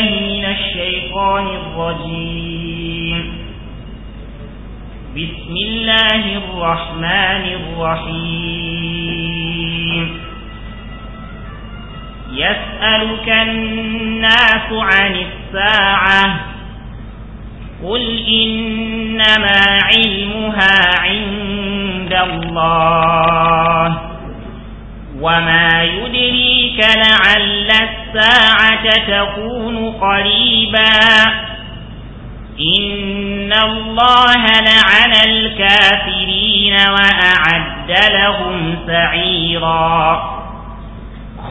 من الشيطان الرجيم بسم الله الرحمن الرحيم يسألك الناس عن الساعة قل إنما علمها عند الله وما يدريك لعل الساعة تكون قريبا إن الله لعن الكافرين وأعد لهم سعيرا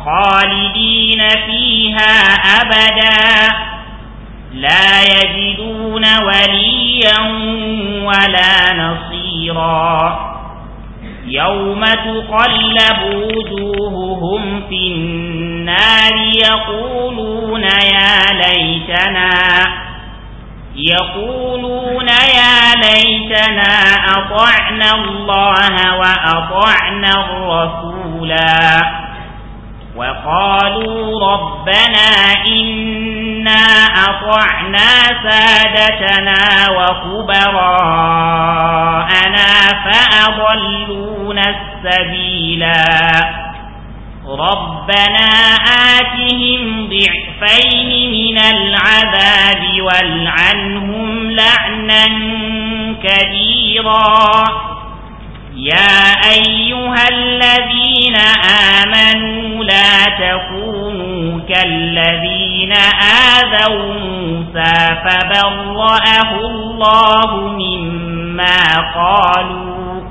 خالدين فيها أبدا لا يجدون وليا ولا نصيرا يوم تقلب وجوههم في النار يقولون يا ليتنا يقولون يا ليتنا أطعنا الله وأطعنا الرسولا وقالوا ربنا إنا أطعنا سادتنا وكبراءنا فأضلون السبيلا ربنا آتهم ضعفين من العذاب والعنهم لعنا كبيرا يا أيها الذين آمنوا لا تكونوا كالذين آذوا موسى فبرأه الله مما قالوا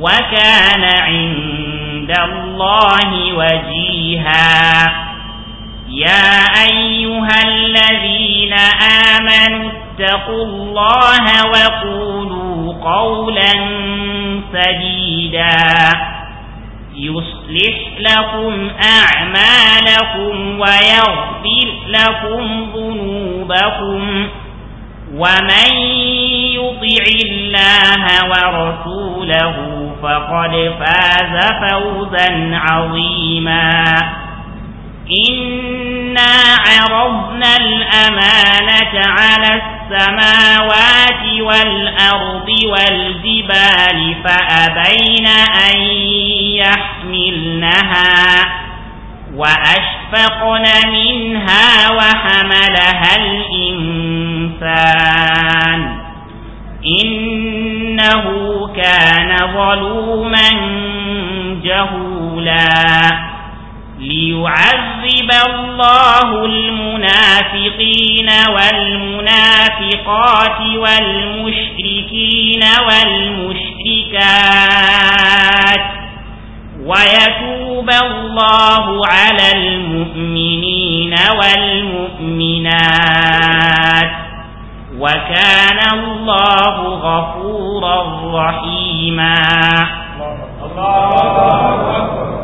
وكان عند الله وجيهاً يا أيها الذين آمنوا اتقوا الله وقولوا قولا سديدا يصلح لكم أعمالكم ويغفر لكم ذنوبكم ومن يطع الله ورسوله فقد فاز فوزا عظيما إنا عرضنا الأمانة على السماوات والأرض والجبال فأبين أن يحملنها وأشفقن منها وحملها الإنسان إنه كان ظلوما جهولا ليعذب الله المنافقين والمنافقات والمشركين والمشركات ويتوب الله على المؤمنين والمؤمنات وكان الله غفورا رحيما الله أكبر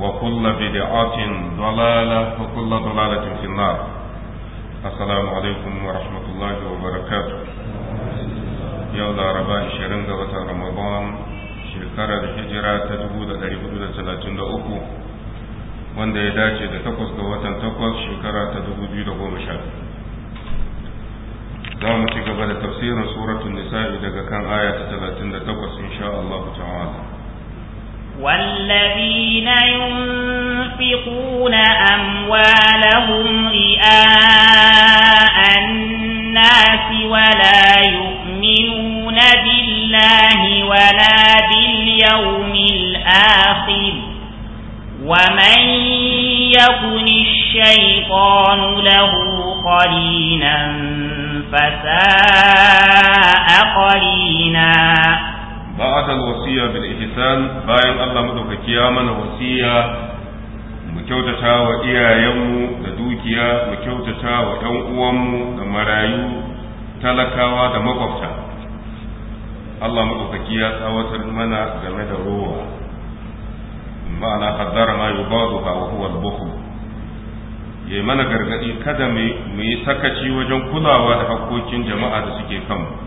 وكل بدعة ضلالة وكل ضلالة في النار السلام عليكم ورحمة الله وبركاته يوم ربا شرين رمضان shekarar hijira ta 1433 wanda ya dace da takwas ga watan takwas shekara ta 2012 za mu ci gaba da tafsirin suratun nisa'i daga kan aya ta 38 insha Allah ta'ala والذين ينفقون أموالهم رئاء الناس ولا يؤمنون بالله ولا باليوم الآخر ومن يكن الشيطان له قرينا فساء قريناً ba'da al-wasiya bil ihsan bayan Allah madaukaki ya mana wasiya mu kyautata wa iyayenmu da dukiya mu kyautata wa ɗan uwanmu da marayu talakawa da makwabta Allah madaukaki ya tsawatar mana game da ruwa. rowa ma'ana haddara ma yubaduha wa huwa al-bukhl yayi mana gargadi kada mu yi sakaci wajen kulawa da hakkokin jama'a da suke kanmu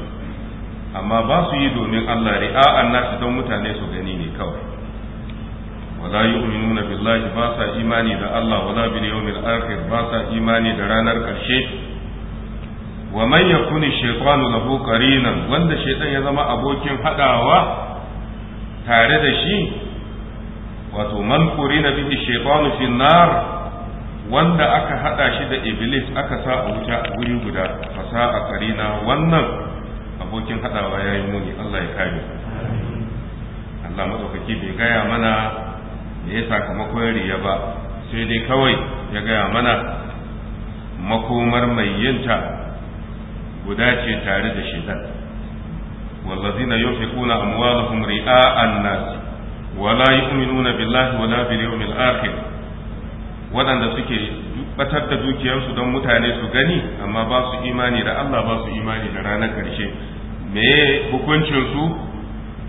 amma ba su yi domin Allah ri'a'an nasu don mutane su gani ne kawai wala yu'minuna billahi ba sa imani da Allah wala bil yawmil akhir ba sa imani da ranar karshe wa man yakuni shaytanu lahu qarinan wanda shaytan ya zama abokin hadawa tare da shi wato man qurina bihi shaytanu fi nar wanda aka hada shi da iblis aka sa a wuta wuri guda fasaha qarina wannan abokin haɗawa ya yi muni Allah ya kare Allah matsaukaki bai gaya mana da ya ya riya ba sai dai kawai ya gaya mana makomar mai yinta guda ce tare da na shaitan wallazina yunfiquna amwalahum ri'a'an nas wala nuna billahi wala bil yawmil akhir waɗanda suke batar da dukiyarsu don mutane su gani amma ba su imani da Allah ba su imani da ranar ƙarshe me hukuncin su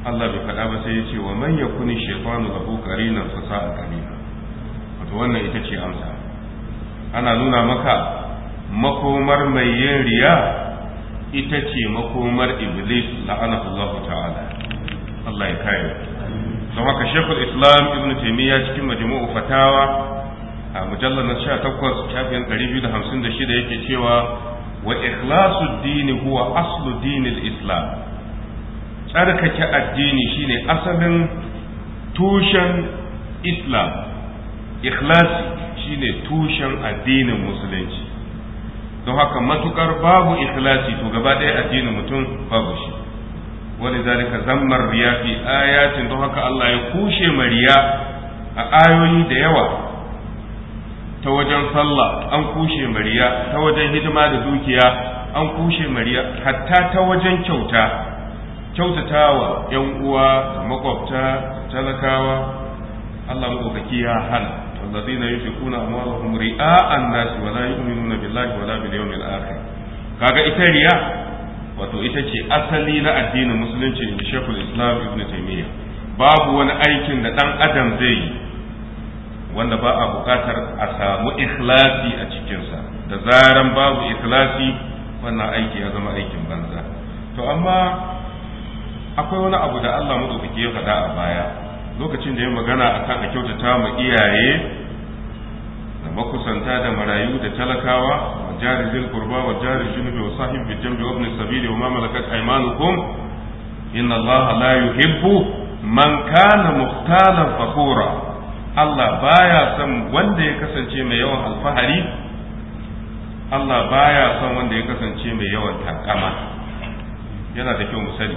Allah bai faɗa ba sai ya ce wa man yakuni shaytanu lahu qarinan fa sa'a qarina wato wannan ita ce amsa ana nuna maka makomar mai yin riya ita ce makomar iblis la'anatullahu ta'ala Allah ya kai don haka shekul islam ibn taimiyya cikin majmu'u fatawa a mujallar na 18 shafin 256 yake cewa wa ikhlasu dini huwa aslu dinil islam tsarkake addini shine asalin tushen islam ikhlasi shine tushen addinin musulunci don haka matukar babu ikhlasi to gaba ɗaya addinin mutum babu shi wani zalika zammar riya fi ayatin don haka Allah ya kushe mariya a ayoyi da yawa ta wajen sallah an kushe mariya ta wajen hidima da dukiya an kushe mariya hatta ta wajen kyauta kyautatawa yan uwa makwabta talakawa Allah madaukaki ya hana wallazina yunfiquna amwalahum ri'a'an nas wa la yu'minuna billahi wa la bil yawmil akhir kaga ita riya wato ita ce asali na addinin musulunci in Sheikhul Islam Ibn Taymiyyah babu wani aikin da dan adam zai yi wanda ba a bukatar a samu ikhlasi a cikinsa da zaran babu ikhlasi wannan aiki ya zama aikin banza to amma akwai wani abu da Allah madaukaki ya faɗa a baya lokacin da ya magana akan a kyautata mu iyaye da makusanta da marayu da talakawa wa jari zil qurba wa jari junubi wa sahib bi jambi wa ibn sabili wa ma malakat aymanukum inna Allah la yuhibbu man kana muhtalan fakhura Allah baya son wanda ya kasance mai yawan alfahari Allah baya son wanda ya kasance mai yawan takama yana da kyau mu sani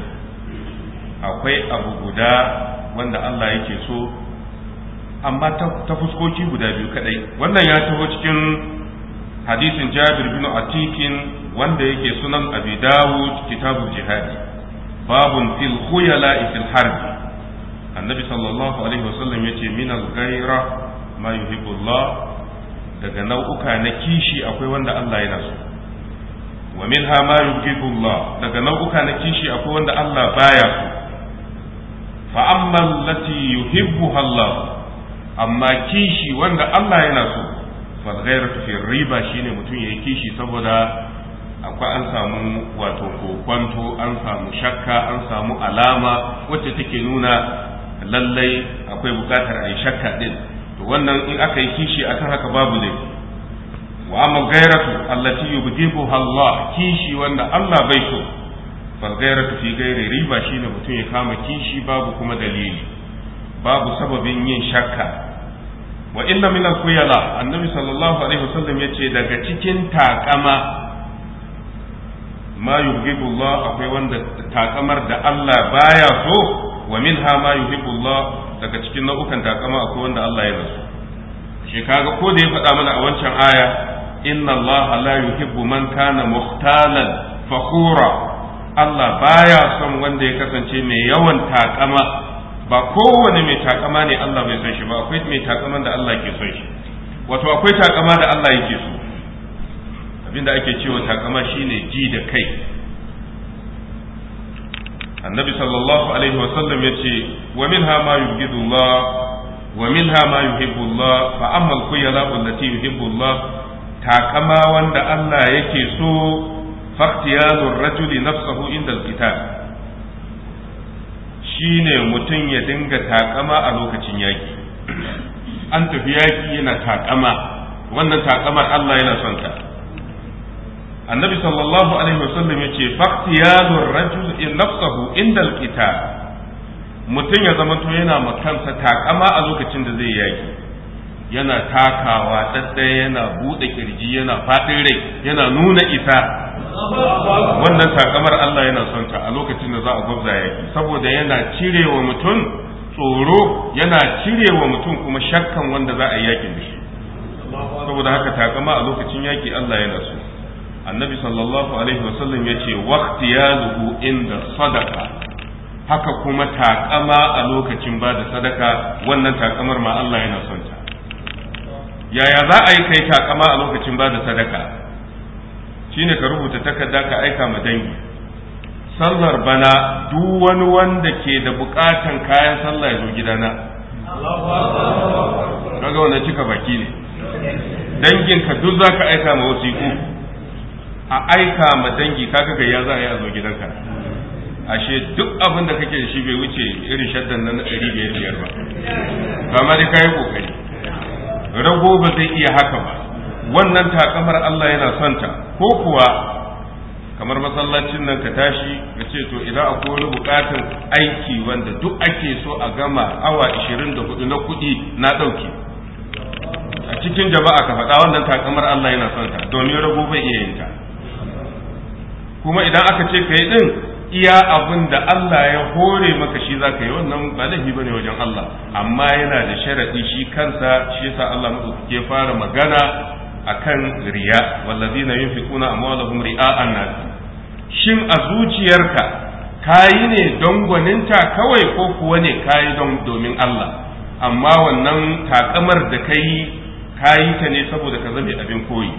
akwai abu guda wanda Allah yake so amma ta fuskoki guda biyu kadai wannan ya taho cikin hadisin Jabir bin Atikin wanda yake sunan Abi Dawud kitabul jihadi babun fil khuyala fil harbi annabi sallallahu alaihi wasallam yace min al-ghaira ma yuhibbullah daga nau'uka na kishi akwai wanda Allah yana so wa minha ma yubghidullah daga nau'uka na kishi akwai wanda Allah baya so fa amma allati yuhibbuha Allah amma kishi wanda Allah yana so fal ghairatu fi riba shine mutum yayi kishi saboda akwai an samu wato kokwanto an samu shakka an samu alama wacce take nuna lallai akwai bukatar a yi shakka din to wannan in aka yi kishi akan haka babu ne wa amma gairatu allati yubghibu Allah kishi wanda Allah bai so fal gairatu fi gairi riba shine mutum ya kama kishi babu kuma dalili babu sababin yin shakka wa inna min al-khuyala annabi sallallahu alaihi wasallam yace daga cikin takama ma yubghidu Allah akwai wanda takamar da Allah baya so wa ha ma yuhibbullah daga cikin nau'ukan takama akwai wanda Allah ya nasu shi kaga ko da ya faɗa mana a wancan aya inna Allah la yuhibbu man kana muhtalan fakhura Allah baya son wanda ya kasance mai yawan takama ba kowane mai takama ne Allah bai son shi ba akwai mai takaman da Allah ke son shi wato akwai takama da Allah yake so abinda ake cewa takama shine ji da kai annabi sallallahu alaihi wasallam ya ce wa minha ma yubghidullah wa minha ma yuhibbullah fa amma al-khuyala allati yuhibbullah takama wanda Allah yake so faktiyalur rajuli nafsahu inda al-qital shine mutum ya dinga takama a lokacin yaki an tafi yaki yana takama wannan takamar Allah yana son ta annabi sallallahu alaihi wasallam ce, faktiyalur rajul in nafsahu indal qital mutum ya zama to yana makansa takama a lokacin da zai yaki yana takawa daddaya yana bude kirji yana fadin rai yana nuna isa wannan takamar Allah yana son ta a lokacin da za a gwabza yaki saboda yana cirewa mutum tsoro yana cirewa mutum kuma shakkan wanda za a yi yakin da shi saboda haka takama a lokacin yaki Allah yana so annabi sallallahu alaihi wasallam ya ce waqti waqtiyaluhu inda sadaka haka kuma takama a lokacin ba da sadaka wannan takamar ma Allah yana son ta yaya za a yi kai takama a lokacin ba da sadaka shine ka rubuta takarda ka aika ma dangi sallar bana duk wani wanda ke da bukatan kayan sallah ya zo gidana kaga wannan cika baki ne danginka duk zaka aika ma wasiku a aika ma dangi ka kaga gayya za a yi a zo gidanka ashe duk abin da kake da shi bai wuce irin shaddan nan na ɗari biyar biyar ba kama dai kayi kokari rago ba zai iya haka ba wannan takamar Allah yana son ta ko kuwa kamar masallacin nan ka tashi ka ce to idan akwai wani bukatun aiki wanda duk ake so a gama awa 24 na kuɗi na ɗauke a cikin jama'a ka faɗa wannan takamar Allah yana son ta domin rago bai iya yin ta kuma idan aka ce kai ɗin, iya abin da Allah ya hore maka shi zaka yi wannan ba laifi bane wajen Allah amma yana da sharaɗi. shi kansa shi yasa Allah ke fara magana akan riya wallazina yunfiquna amwalahum ri'a nas shin a zuciyarka kayi ne don gwaninta kawai ko kuwa ne yi don domin Allah amma wannan takamar da kai kayi ta ne saboda ka zame abin koyi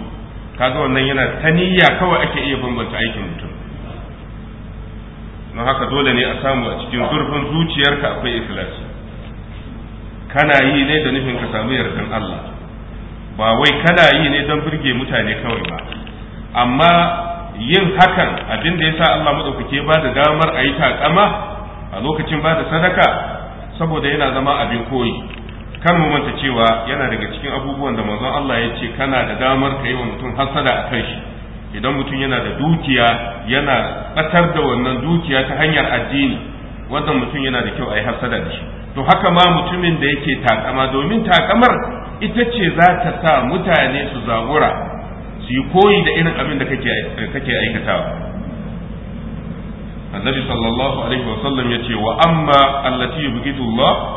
kaga wannan yana ta niyya kawai ake iya bambanta aikin mutum don haka dole ne a samu a cikin zurfin zuciyarka akwai ikhlasi kana yi ne da nufin ka samu yardan Allah ba wai kana yi ne don burge mutane kawai ba amma yin hakan abin da yasa Allah madaukake ba da damar a yi takama a lokacin ba da sadaka saboda yana zama abin koyi kar mu manta cewa yana daga cikin abubuwan da manzon Allah ya ce kana da damar ka yi wa mutum hasada a kan shi idan mutum yana da dukiya yana batar da wannan dukiya ta hanyar addini wannan mutum yana da kyau a yi hasada da shi to haka ma mutumin da yake takama domin takamar ita ce za ta sa mutane su zagura su yi koyi da irin abin da kake aikatawa annabi sallallahu alaihi wa ya ce wa amma allati yubghidullah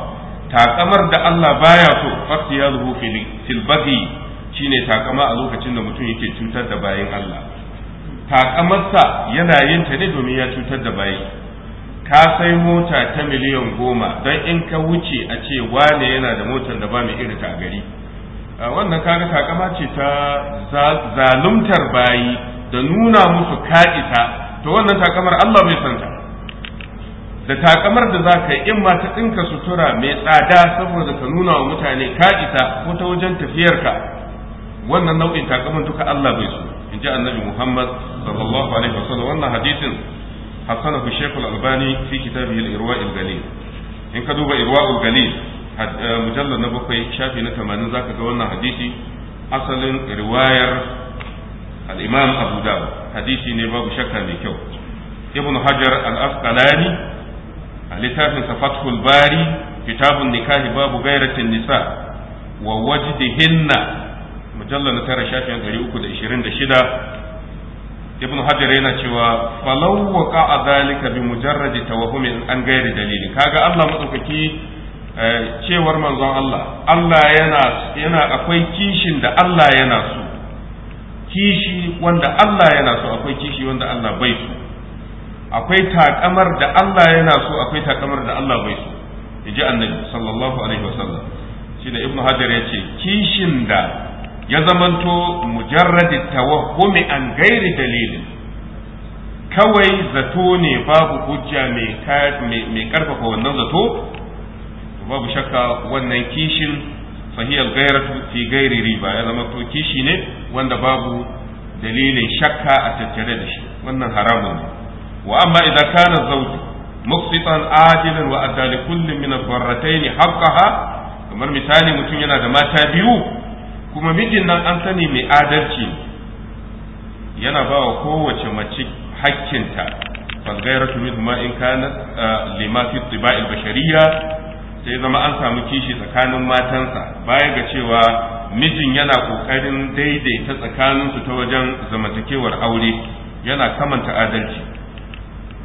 takamar da Allah baya so fasti ya zuhu fil shi shine takama a lokacin da mutum yake cutar da bayan Allah takamarsa yana yin ne domin ya cutar da bayan. ka sai mota ta miliyan goma don in ka wuce a ce wane yana da motar da ba mai irin ta gari wannan kaga takama ce ta zaluntar bayi da nuna musu ka'ita to wannan takamar Allah bai santa da takamar da za ka yi in ma ta ɗinka sutura mai tsada saboda ka nuna wa mutane ka isa ko ta wajen tafiyarka wannan nau'in takamar duka Allah bai so in ji annabi Muhammad sallallahu alaihi wasallam wannan hadisin hasanahu Sheikh Al-Albani fi kitabihi irwa galil in ka duba Irwa Al-Galil eh, mujallal na bakwai shafi na za ka ga wannan hadisi asalin riwayar al-Imam Abu Dawud hadisi ne babu shakka mai kyau Ibn Hajar Al-Asqalani a littafin sa fathul bari kitabun nikahi babu gairatin nisa wa wajdihinna mujallal na tara shafin shida. ibn hajar yana cewa falau waqa a zalika bi mujarradi tawahhumin an gairi dalili kaga Allah madaukaki eh, cewar manzon Allah Allah yana yana akwai kishin da Allah yana so kishi wanda Allah yana so akwai kishi wanda Allah bai so akwai takamar da Allah yana so akwai takamar da Allah bai so yaji annabi sallallahu alaihi wasallam shine ibnu hajar yace kishin da ya zamanto mujarradi tawahhumi an gairi dalilin kawai zato ne babu hujja mai karfafa wannan zato babu shakka wannan kishin fahiyar gairatu fi gairi riba ya zama to kishi ne wanda babu dalilin shakka a tattare da shi wannan haramun ne wa amma idan kana zauji muqsitan ajilan wa adda li kullin min ad-darratayn haqqaha kamar misali mutum yana da mata biyu kuma mijin nan an sani mai adalci yana ba wa kowace mace hakkinta fasgairatu minhuma in kana lima fi tiba'il bashariyya sai zama an samu kishi tsakanin matansa baya ga cewa mijin yana kokarin daidaita tsakaninsu ta wajen zamantakewar aure yana kamanta adalci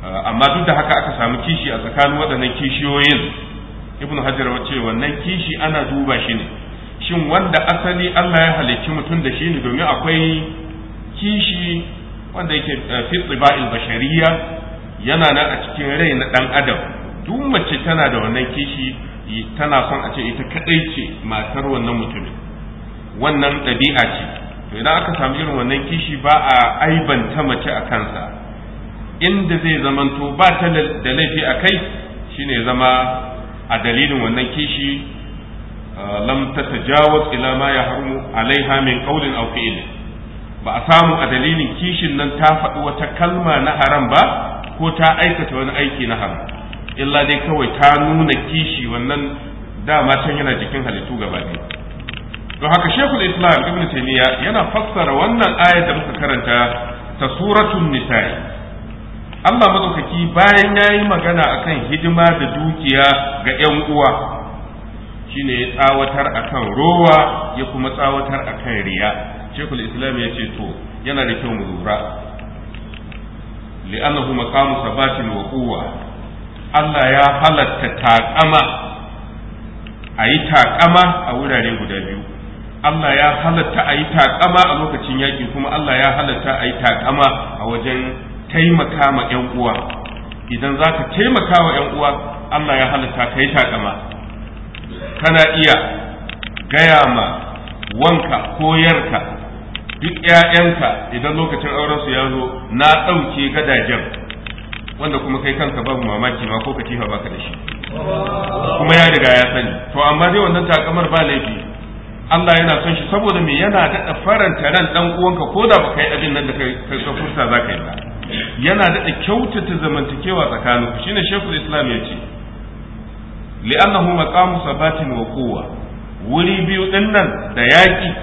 Eh, amma duk da haka aka samu kishi a tsakanin waɗannan kishiyoyin ibnu hajar wace wannan kishi ana duba shi ne shin wanda asali Allah ya halicci mutum da shi ne domin akwai kishi wanda yake eh, fi tsiba'il bashariya yana nan a cikin rai na ɗan adam duk mace tana da wannan kishi tana son a ce ita kaɗai ce matar wannan mutumin wannan ɗabi'a ce to idan aka samu irin wannan kishi ba a aibanta mace a kansa inda zai zamanto ba ta da laifi a kai shine zama a dalilin wannan kishi uh, lam ta tajawaz ila ma ya harmu alaiha min qawlin aw fi'l ba a samu a dalilin kishin nan ta faɗi wata kalma na haram ba ko ta aikata wani aiki na haram illa dai kawai ta nuna kishi wannan dama can yana jikin halittu gaba ɗaya don haka shekul islam ibn taymiya yana fassara wannan ayar da muka karanta ta suratul nisa'i Allah mazaukaki bayan ya yi magana akan hidima da dukiya ga 'yan uwa shine ya tsawatar kan rowa ya kuma tsawatar akan riya shekul islam ya ce to yana da kyau mu lura li'annahu maqamu sabatin wa quwwa Allah ya halatta taƙama a yi taƙama a wurare guda biyu Allah ya halatta a yi taƙama a lokacin yaƙi kuma Allah ya halatta a yi taƙama a wajen taimaka ma yan uwa idan za ka taimaka wa yan uwa Allah ya halitta ka yi takama kana iya gaya ma wanka koyarka duk ƴaƴanka idan lokacin auren su ya zo na ɗauke gadajen wanda kuma kai kanka babu mamaki ma ko katifa baka da shi kuma ya riga ya sani to amma dai wannan takamar ba laifi Allah yana son shi saboda me yana daɗa faranta ran ɗan uwanka ko da baka yi abin nan da kai ka furta za ka yi ba yana daɗe kyautata zamantakewa tsakanin ku shine shekul islam ya ce li'annahu maqamu sabatin wa quwwa wuri biyu din nan da yaƙi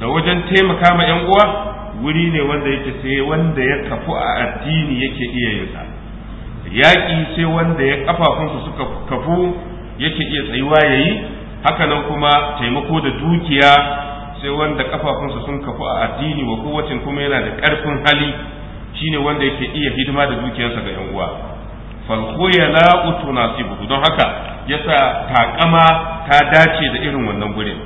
da wajen taimaka ma yan uwa wuri ne wanda yake sai wanda ya kafu a addini yake iya yin sa yaƙi sai wanda ya kafafunsa suka kafu yake iya tsayuwa yayi haka nan kuma taimako da dukiya sai wanda kafafunsa sun kafu a addini wa kowacin kuma yana da ƙarfin hali shine wanda yake iya hidima da dukiyarsa ga yan uwa falkhuyala utunasibu don haka yasa takama ta dace da irin wannan gurin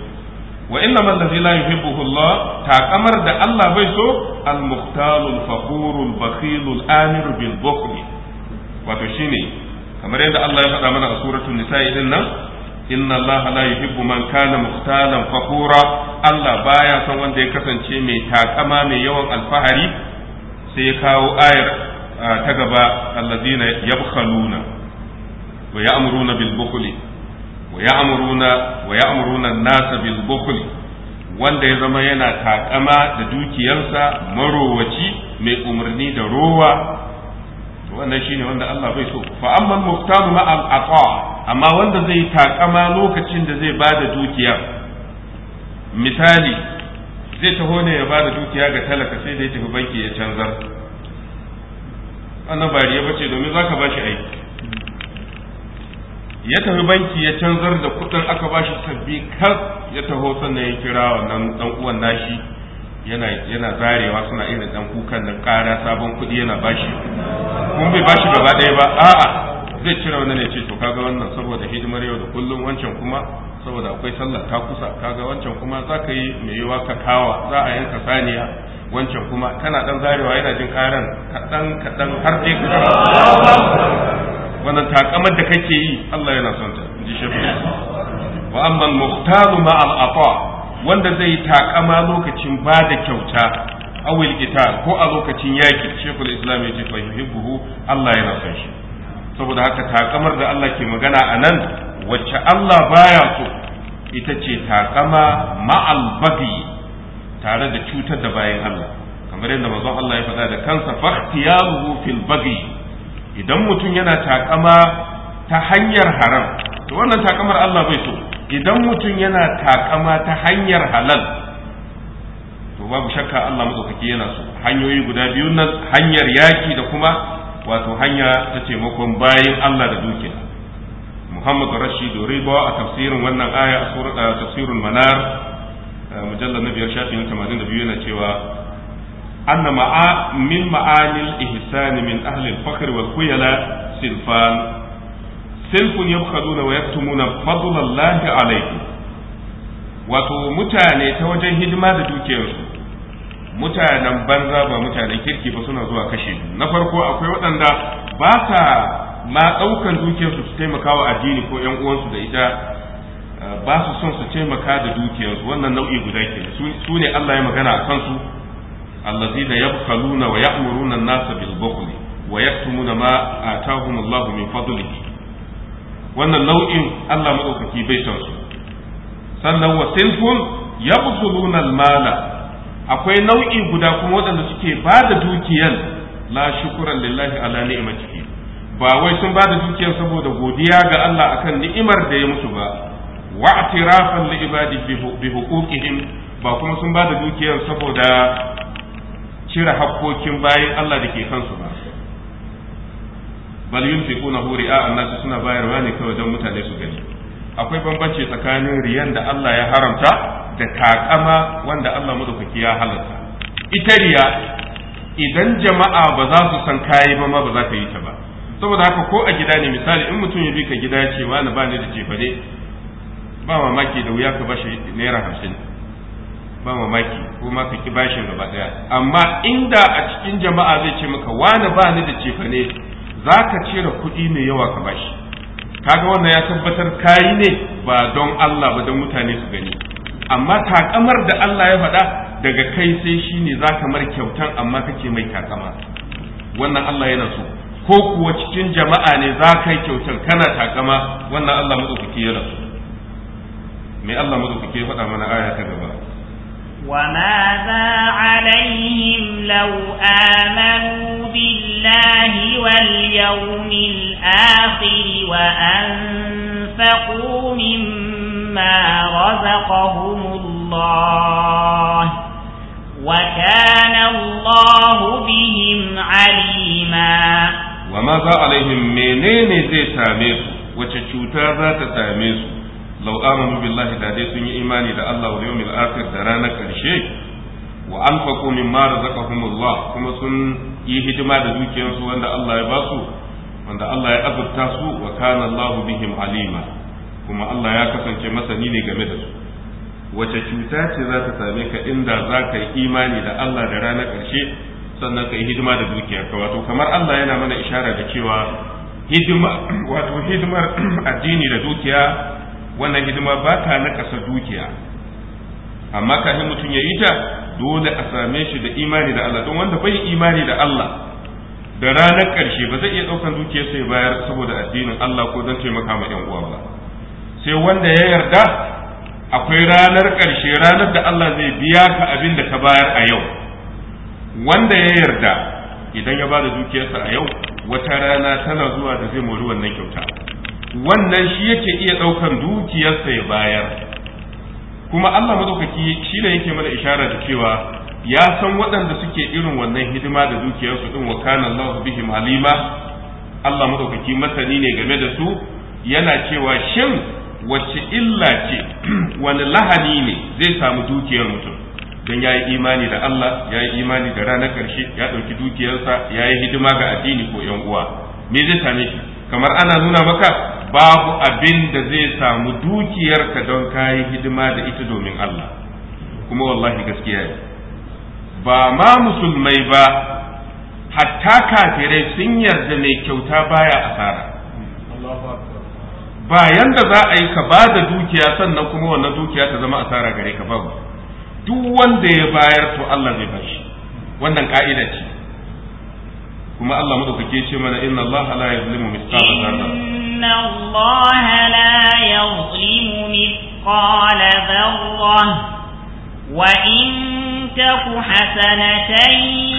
wa inna man ladzi la yuhibbuhu Allah takamar da Allah bai so al muhtalul fakhurul bakhilul amir bil bukhli wato shine kamar yadda Allah ya faɗa mana a suratul nisa din nan inna Allah la yuhibbu man kana muhtalan fakhura Allah baya son wanda ya kasance mai takama mai yawan alfahari sai ya kawo ayar ta gaba alladina yabkhaluna wa ya'muruna bil bukhli wa ya'muruna wa ya'muruna an-nasa bil wanda ya zama yana takama da dukiyarsa marowaci mai umarni da rowa wannan shine wanda Allah bai so fa amma muftanu ma al amma wanda zai takama lokacin da zai bada dukiyar misali zai taho ne ya bada dukiya ga talaka sai da ya tafi banki ya canzar wannan ba ya bace domin zaka ba shi aiki ya tafi banki ya canzar da kudin aka ba shi sabbi kar ya taho sannan ya kira wannan dan uwan nashi yana yana zarewa suna irin dan kukan nan kara sabon kudi yana bashi kun bai bashi gaba ɗaya ba a'a zai cire wannan ne ce to kaga wannan saboda hidimar yau da kullum wancan kuma saboda akwai sallah ta kusa kaga wancan kuma za ka yi mai yiwa ka kawa za a yanka saniya wancan kuma kana dan zarewa yana jin karan kaɗan kaɗan har sai ka wannan takamar da kake yi Allah yana son ta inji shafi wa amma muhtalu ma al-ata wanda zai takama lokacin ba da kyauta awil ko a lokacin yaki shekul islam ya ce fa yuhibbuhu Allah yana son shi saboda haka takamar da Allah ke magana a nan wacce Allah baya so ita ce takama ma'al bagi tare da cutar da bayan Allah kamar yadda mazan Allah ya faɗa da kansa fahtiyaruhu fil bagi idan mutum yana takama ta hanyar haram to wannan takamar Allah bai so idan mutum yana takama ta hanyar halal to babu shakka Allah madaukaki yana so hanyoyi guda biyu nan hanyar yaki da kuma wato hanya ta taimakon bayan Allah da dukiya Muhammad Rashid Ribo a tafsirin wannan aya a tafsirin Manar mujallal na biyar shafin 82 yana cewa anna ma'a min ma'anil ihsan min ahli al-fakhr wal khuyala silfan silfun yabkhaduna wa yaktumuna fadlallahi alayhi wato mutane ta wajen hidima da dukiyarsu mutanen banza ba mutanen kirki ba suna zuwa kashe na farko akwai waɗanda ba sa ma ɗaukan dukiyarsu su taimaka wa addini ko ƴan uwansu da ita eh, ba su son su taimaka da dukiyarsu wannan nau'i guda ke su ne Allah ya magana a kansu ya yabkhaluna wa ya'muruna an-nasa bil bukhli wa yaktumuna ma atahum Allah min fadlihi wannan nau'in Allah madaukaki bai son su sannan wa ya yabzuluna al-mala akwai nau'i guda kuma waɗanda suke ba da dukiyar la shukuran lillahi ala ni'matihi ba wai sun ba da dukiyar saboda godiya ga Allah akan ni'imar da ya musu ba wa atirafan li ibadi bi huquqihim ba kuma sun ba da dukiyar saboda cire hakkokin bayan Allah da ke kansu ba bal yunfiquna hu ri'a nasu suna bayarwa ne kawai don mutane su gani akwai bambanci tsakanin riyan da Allah ya haramta da takama wanda Allah madaukaki ya halarta. ita riya idan jama'a ba za su san kayi ba ma ba za ka yi ta ba saboda haka ko a gida ne misali in mutum ya bi ka gida ya ce wani ba ni da ne ba mamaki da wuya ka bashi naira hamsin ba mamaki ko ma ka ki bashin gaba daya amma inda a cikin jama'a zai ce maka wani ba ni da ne za ka cire kuɗi mai yawa ka bashi kaga wannan ya tabbatar kayi ne ba don Allah ba don mutane su gani amma takamar da Allah ya faɗa daga kai sai shine za ka mar kyautan amma kake mai takama wannan Allah yana so ko kuwa cikin jama'a ne za ka yi kyautan kana takama wannan Allah maɗaukaki yana so me Allah maɗaukaki ya faɗa mana aya ta gaba وماذا عليهم لو آمنوا بالله واليوم الآخر وأنفقوا مما مما رزقهم الله وكان الله بهم عليما وماذا عليهم منين زي ساميس وتشوتا ذات ساميس لو آمنوا بالله دا دي سن إيماني دا الله واليوم الآخر درانا كرشي وأنفقوا مما رزقهم الله كما سن يهجما دا دوكيانسو وأن الله يباسو wanda Allah ya azurta su wa kana Allah bihim alima kuma Allah ya kasance masani ne game da su wace cuta ce za ta same ka inda za ka yi imani da Allah da ranar ƙarshe sannan ka yi hidima da ka wato kamar Allah yana mana ishara da cewa hidima wato hidimar addini da dukiya wannan hidima ba ta na ƙasa dukiya amma kafin mutum ya yi ta dole a same shi da imani da Allah don wanda bai imani da Allah da ranar ƙarshe ba zai iya ɗaukan dukiyarsa ya bayar saboda addinin Allah ko don taimaka ma 'yan uwa ba sai wanda ya yarda akwai ranar ƙarshe ranar da Allah zai biya ka abin da ka bayar a yau wanda ya yarda idan ya bada dukiyarsa a yau wata rana tana zuwa da zai mori wannan kyauta wannan shi yake iya ɗaukan dukiyarsa ya bayar kuma Allah madaukaki shi ne yake mana ishara da cewa ya san waɗanda suke irin wannan hidima da dukiyarsu din wa kana Allah bihim malima. Allah madaukaki masani ne game da su yana cewa shin wacce illa ce wani lahani ne zai samu dukiyar mutum don ya yi imani da Allah ya yi imani da ranar ƙarshe ya ɗauki dukiyarsa ya yi hidima ga addini ko ‘yan uwa me zai same shi kamar ana nuna maka babu abin da zai samu dukiyarka don ka yi hidima da ita domin Allah kuma wallahi gaskiya ne ba ma musulmai ba hatta kafirai sun yarda mai kyauta baya asara ba yanda za a yi ka ba da dukiya sannan kuma wannan dukiya ta zama asara gare ka babu duk wanda ya bayar to Allah zai shi wannan ka'ida ce kuma Allah madaukake ce mana inna Allah la yuzlimu mithqala dharra inna Allah la yuzlimu mithqala dharra وإن تك حسنة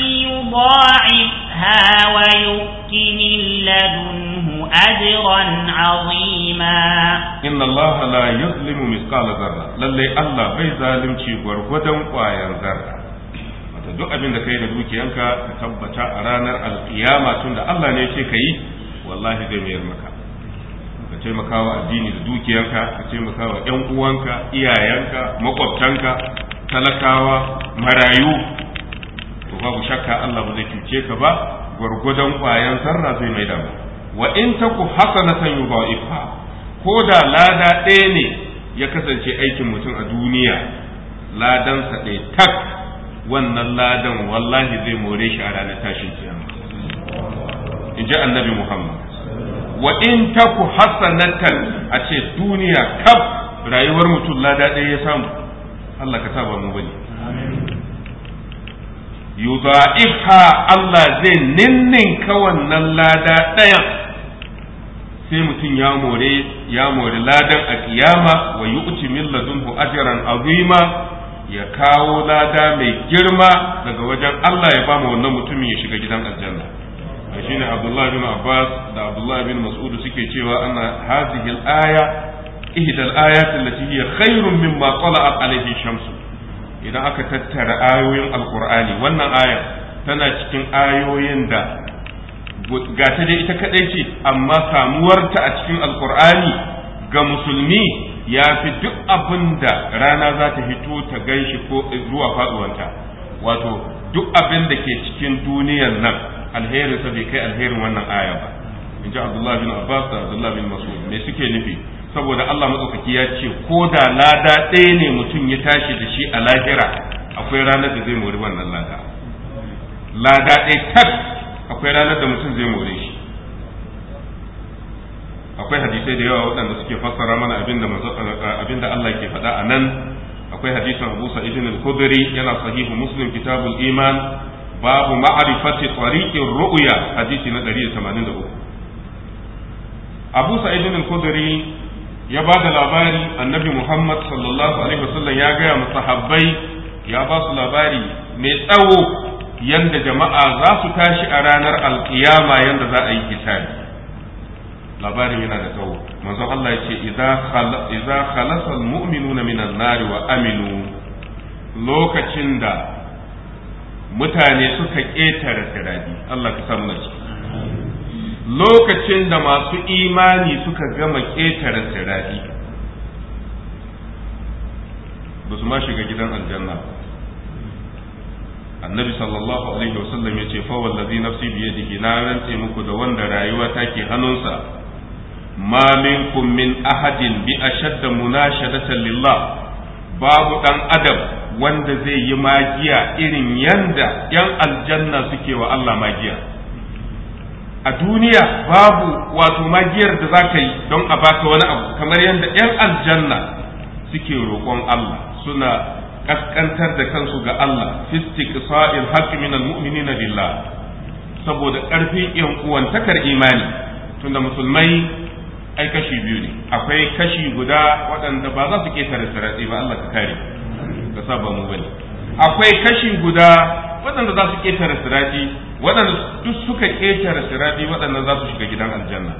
يضاعفها ويؤتي من لدنه أجرا عظيما إن الله لا يظلم مثقال ذرة للي الله بي ظالم شي غرغدا قوايا ذرة duk abin da kai da dukiyanka ka tabbata a ranar alkiyama tun da Allah ne ce ka yi wallahi zai mayar maka ka taimakawa addini da dukiyanka ka taimakawa 'yan uwanka iyayenka makwabtanka talakawa marayu to babu shakka Allah ba zai cuce ka ba gwargwadon kwayan sarra zai mai damu wa in taku hasanatan yudha'ifha ko da lada ɗaya ne ya kasance aikin mutum a duniya ladansa ɗaya tak wannan ladan wallahi zai more shi a ranar tashin kiyama in ji annabi Muhammad wa in taku hasanatan a ce duniya kaf rayuwar mutum lada ɗaya ya samu Allah ka taba mu bane yudha'ifha Allah zai ka wannan lada daya sai mutum ya more ya more ladan a kiyama wa yu'ti min ladunhu ajran azima ya kawo lada mai girma daga wajen Allah ya ba wannan mutumin ya shiga gidan aljanna shine Abdullah bin Abbas da Abdullah bin Mas'ud suke cewa ana al aya ihdal ayat allati hiya khairun mimma tala'at alayhi shamsu idan aka tattara ayoyin alqur'ani wannan aya tana cikin ayoyin da ga ta dai ita kadai ce amma samuwarta a cikin alqur'ani ga musulmi ya fi duk abin da rana za ta hito ta gan shi ko zuwa faduwanta wato duk abin da ke cikin duniyar nan alherinsa bai kai alherin wannan aya ba in ji abdullahi bin abbas da abdullahi bin masud me suke nufi saboda Allah Mutsaukaki ya ce ko da lada ɗaya ne mutum ya tashi da shi a lahira akwai ranar da zai mori wannan lada lada ɗaya tas akwai ranar da mutum zai more shi akwai hadisai da yawa waɗanda suke fassara mana abinda Allah ke faɗa a nan akwai hadisan Abu Sa'idin al-Khudri yana sahihu Muslim kitabul iman babu ma'rifati tariqir ru'ya hadisi na 183 Abu Sa'idin al-Khudri ya ba da labari annabi Muhammad sallallahu alaihi wasallam ya gaya mu sahabbai ya ba su labari mai tsawo yanda jama'a za su tashi a ranar alkiyama yanda za a yi hisabi labarin yana da tsawo manzon Allah ya ce idza khalasa almu'minuna minan nari wa aminu lokacin da mutane suka ƙetare radi Allah ka samu na lokacin da masu imani suka gama ƙetare sirari ba su ma shiga gidan aljanna annabi sallallahu alaihi wasallam ya ce fawon lazi nafsi da na rantse muku da wanda rayuwa ke hannunsa ma minkum min ahadin bi ashadda munashadatan lillah babu dan adam wanda zai yi magiya irin yanda yan aljanna suke wa Allah magiya a duniya babu wato magiyar da za ka yi don a baka wani abu kamar yadda 'yan aljanna suke roƙon Allah suna ƙasƙantar da kansu ga Allah fistik sa'il haqqi min na billah saboda ƙarfin yan uwantakar imani tunda musulmai ai kashi biyu ne akwai kashi guda waɗanda ba za su ke tare ba Allah ka kare ka sa ba mu bane akwai kashi guda waɗanda za su ke tare waɗanda duk suka ƙetare siradi waɗannan za su shiga gidan aljanna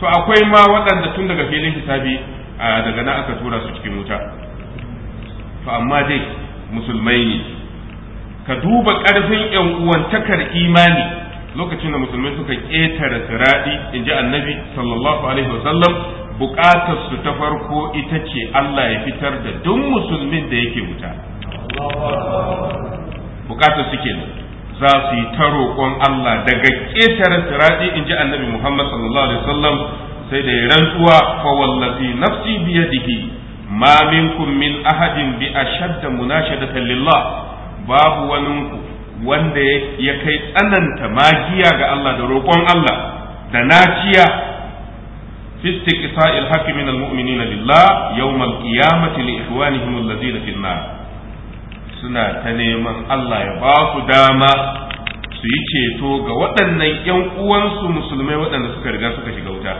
to akwai ma waɗanda tun daga filin hisabi daga na aka tura su cikin wuta to amma dai musulmai ne ka duba ƙarfin yan uwantakar imani lokacin da musulmai suka ƙetare siradi in ji annabi sallallahu alaihi wasallam buƙatar su ta farko ita ce Allah ya fitar da duk musulmin da yake wuta buƙatar su kenan za su yi ta roƙon Allah daga ƙetare sirati in ji annabi Muhammad sallallahu alaihi wasallam sai da ya rantsuwa fa wallazi nafsi bi yadihi ma minkum min ahadin bi ashadda munashadatan lillah babu waninku wanda ya kai tsananta magiya ga Allah da roƙon Allah da naciya fi istiqsa'il haqqi min al-mu'minina lillah yawm al-qiyamati li ikhwanihim alladhina fi nar suna ta neman Allah ya ba ku dama su yi ceto ga waɗannan ‘yan uwansu musulmai waɗanda suka riga suka shiga wuta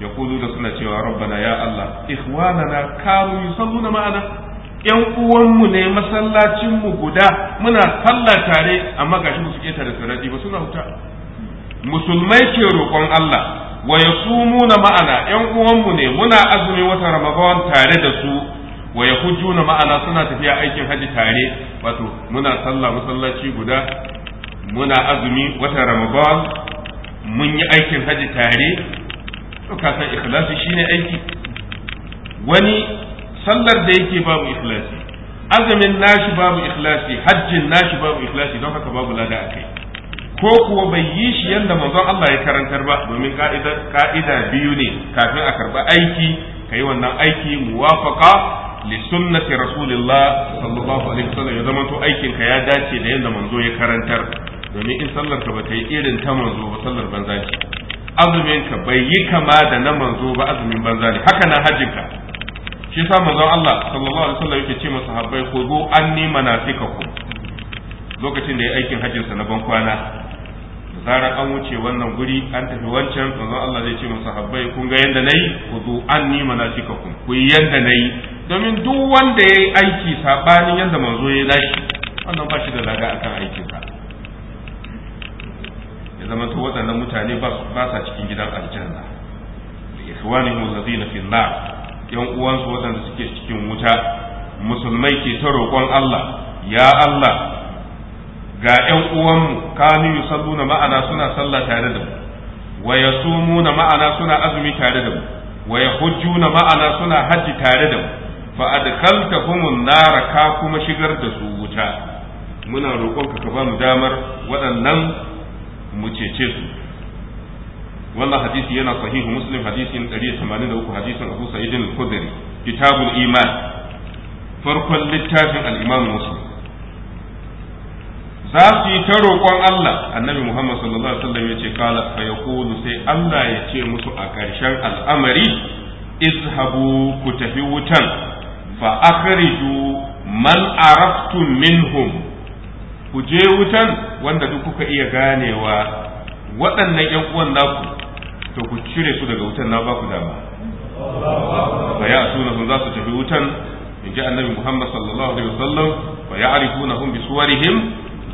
ya kudu da suna cewa rabbana ya Allah yi sallu na ma'ana ‘yan uwanmu ne masallacinmu guda muna sallah tare amma gashi musu keta da sarari ba suna wuta musulmai ke roƙon Allah wa yasumuna ma'ana ‘yan uwanmu ne muna azumi wata ramadan tare da su wa ya na ma'ana suna tafiya aikin haji tare wato muna sallah masallaci guda muna azumi watan ramadan mun yi aikin haji tare to ka san ikhlasi shine aiki wani sallar da yake babu ikhlasi azumin nashi babu ikhlasi hajjin nashi babu ikhlasi don haka babu lada a kai ko kuwa bai yi shi yadda manzon Allah ya karantar ba domin ka'ida biyu ne kafin a karba aiki ka yi wannan aiki muwafaka li sunnati rasulillah sallallahu alaihi wasallam ya zama to aikin ka ya dace da yadda manzo ya karantar domin in sallar ka ba ta yi irin ta manzo ba sallar banza ce azumin ka bai yi kama da na manzo ba azumin banza ne haka na hajjin ka shi yasa manzon Allah sallallahu alaihi wasallam yake ce masa habbai khudu anni manasikakum lokacin da ya aikin hajjin sa na ban kwana zarar an wuce wannan guri an tafi wancan manzon Allah zai ce masa habbai kun ga yanda nayi khudu anni manasikakum ku yi yanda nayi domin duk wanda ya yi aiki saɓanin yadda manzo ya zashi, wannan ba shi da kan akan aikinsa ya zama to waɗannan mutane ba sa cikin gidan aljanna da ikhwanihim allazina na nar yan uwansu waɗanda suke cikin wuta musulmai ke ta roƙon Allah ya Allah ga yan uwanmu kanu na ma'ana suna sallah tare da mu wa na ma'ana suna azumi tare da mu wa na ma'ana suna hajji tare da mu fa adkaltahumun nar ka kuma shigar da su wuta muna roƙonka ka ba mu damar waɗannan mu cece su wannan hadisi yana sahihu muslim hadisin 183 hadisin abu sa'id al-khudri kitabul iman farkon littafin al-imam muslim za su yi ta roƙon Allah annabi Muhammad sallallahu alaihi wasallam ce kala fa yaqulu sai Allah ya ce musu a ƙarshen al'amari izhabu ku tafi wutan fa akhriju man araftum minhum ku je wutan wanda duk kuka iya ganewa waɗannan ƴan uwan naku to ku cire su daga wutan na ba ku dama fa ya sunahum za su tafi wutan inji annabi Muhammad sallallahu alaihi wasallam fa ya'rifunahum bi suwarihim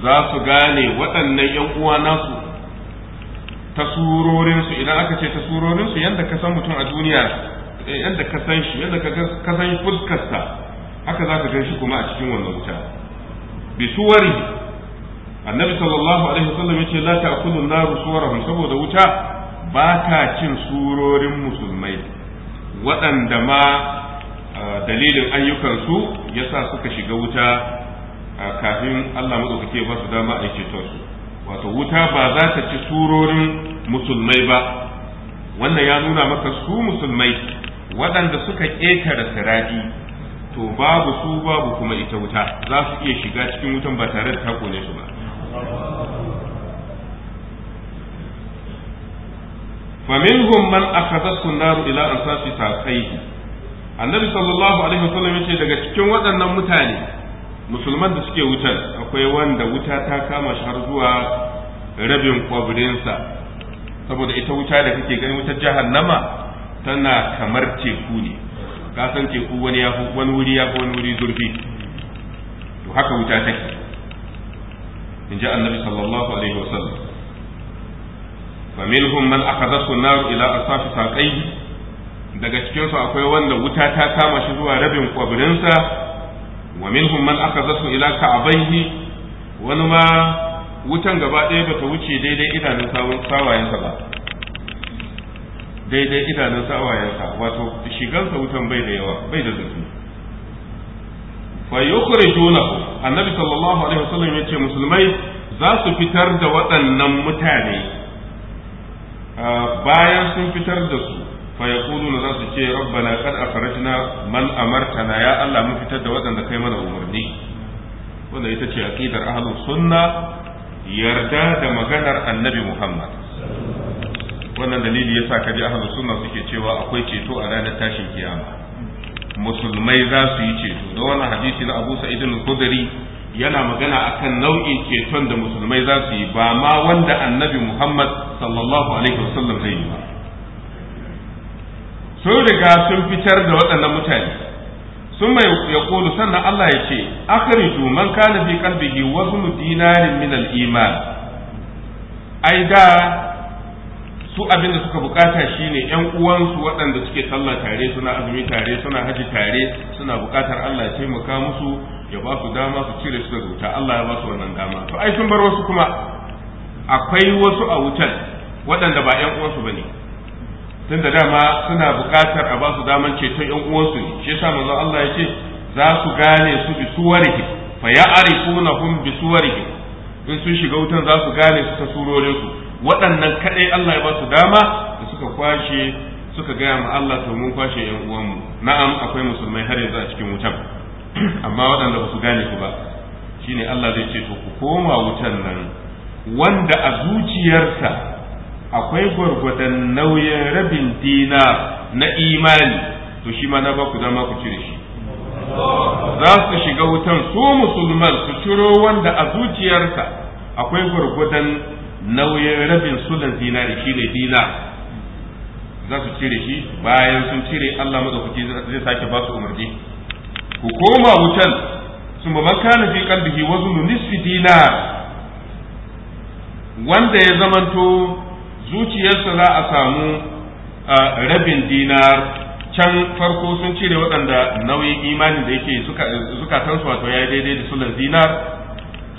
za su gane waɗannan ƴan uwa nasu ta surorinsu idan aka ce ta surorinsu yadda ka san mutum a duniya Eh, yadda ka san shi yadda ka san fuskarsa haka za ka shi kuma a cikin wannan wuta bi suwari annabi sallallahu alaihi wasallam yace la ta'kulu naru suwarahum saboda wuta ba ta cin surorin musulmai waɗanda ma dalilin ayyukansu yasa suka shiga wuta kafin Allah madaukake ba su dama a yi su wato wuta ba za ta ci surorin musulmai ba wannan ya nuna maka su musulmai waɗanda suka ƙetare siradi to babu su babu kuma ita wuta za su iya shiga cikin wutan ba tare da ta su ba faminhum man akhadha an ila ta saqaihi annabi sallallahu alaihi wasallam yace daga cikin waɗannan mutane musulman da suke wutar akwai wanda wuta ta kama shi har zuwa rabin kwabirinsa saboda ita wuta da kake ganin wutar jahannama tana kamar teku ne ka san teku wani ya wani wuri ya wani wuri zurfi to haka wuta take in ji annabi sallallahu alaihi wasallam fa minhum man akhadathu an-nar ila asafi saqayhi daga cikin su akwai wanda wuta ta kama shi zuwa rabin sa wa minhum man akhadathu ila ka'bayhi wani ma wutan gaba ɗaya bata wuce daidai idanun sawayensa ba daidai idanun sa'awayensa wato shigansa wutan bai da yawa bai da zurfi fa yukhrijuna annabi sallallahu alaihi wasallam yace musulmai za su fitar da waɗannan mutane ah, bayan sun fitar da su fa yaquluna za su ce rabbana qad akhrajna man amartana ya Allah mun fitar da waɗanda kai mana umarni wanda ita ce aqidar ahlus sunna yarda da maganar annabi Muhammad wannan dalili yasa ji ahlus sunna suke cewa akwai ceto a ranar tashin kiyama musulmai za su yi ceto da wannan hadisi na Abu Sa'id al-Khudri yana magana akan nau'in ceton da musulmai za su yi ba ma wanda annabi Muhammad sallallahu alaihi wasallam zai yi ba sun riga sun fitar da waɗannan mutane sun mai ya kolu sannan Allah ya ce akhriju man kana fi qalbihi wazn dinarin min al-iman ai da su abin da suka bukata shine yan uwansu waɗanda suke sallah tare suna azumi tare suna haji tare suna bukatar Allah ya taimaka musu ya ba su dama su cire su daga wuta Allah ya ba su wannan dama to ai sun bar wasu kuma akwai wasu a wutar waɗanda ba yan uwansu bane tun da dama suna bukatar a ba su daman ceton yan uwansu ne shi yasa manzon Allah ya ce za su gane su bi fa ya'rifunahum bi in sun shiga wutan za su gane su ta surorinsu waɗannan kaɗai Allah ya ba su dama da suka kwashe suka gaya ma Allah to mun kwashe yan uwanmu na'am akwai musulmai har yanzu a cikin wutan amma waɗanda ba su gane su ba shine Allah zai ce to ku koma wutan nan wanda a zuciyarsa akwai gwargwadon nauyin rabin dina na imani to shi ma na ba ku dama ku cire shi za su shiga wutan su musulman su ciro wanda a zuciyarsa akwai gwargwadon nauyin rabin sulan zinari shine dinar za su cire shi bayan sun cire Allah madaukaki zai sake ba su umarni ku koma wutan sun ba makana fi qalbihi waznu nisfi dinar wanda ya zamanto zuciyarsa za a samu rabin dinar can farko sun cire waɗanda nauyin imanin da yake zukatansu wato ya yi daidai da sulan dinar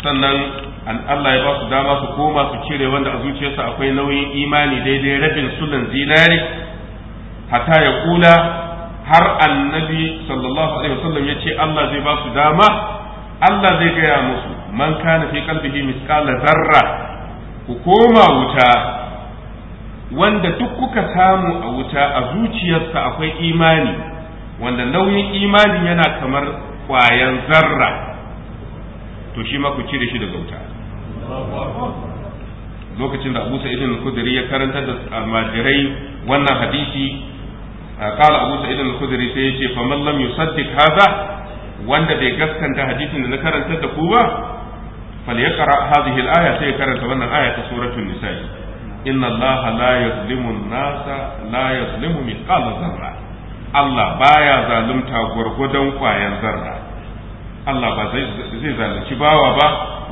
sannan an Allah ya ba su dama su koma su cire wanda a zuciyarsa akwai nauyin imani daidai rabin sunan zinari hatta ya kula har annabi sallallahu alaihi wasallam ya ce Allah zai ba su dama Allah zai gaya musu man kana fi qalbihi misqala zarra ku koma wuta wanda duk kuka samu a wuta a zuciyarsa akwai imani wanda nauyin imanin yana kamar kwayan zarra to shi ma ku cire shi daga wuta lokacin da Abu Sa'id al-Khudri ya karanta da almajirai wannan hadisi kala Abu Sa'id al-Khudri sai ya ce fa man lam yusaddiq hadha wanda bai gaskanta hadisin da na karanta da ku ba falyaqra hadhihi al-aya sai ya karanta wannan aya ta suratul nisa inna Allah la yuzlimu an-nasa la yuzlimu mithqala dharra Allah baya zalunta gurgudan kwayan zarra Allah ba zai zalunci bawa ba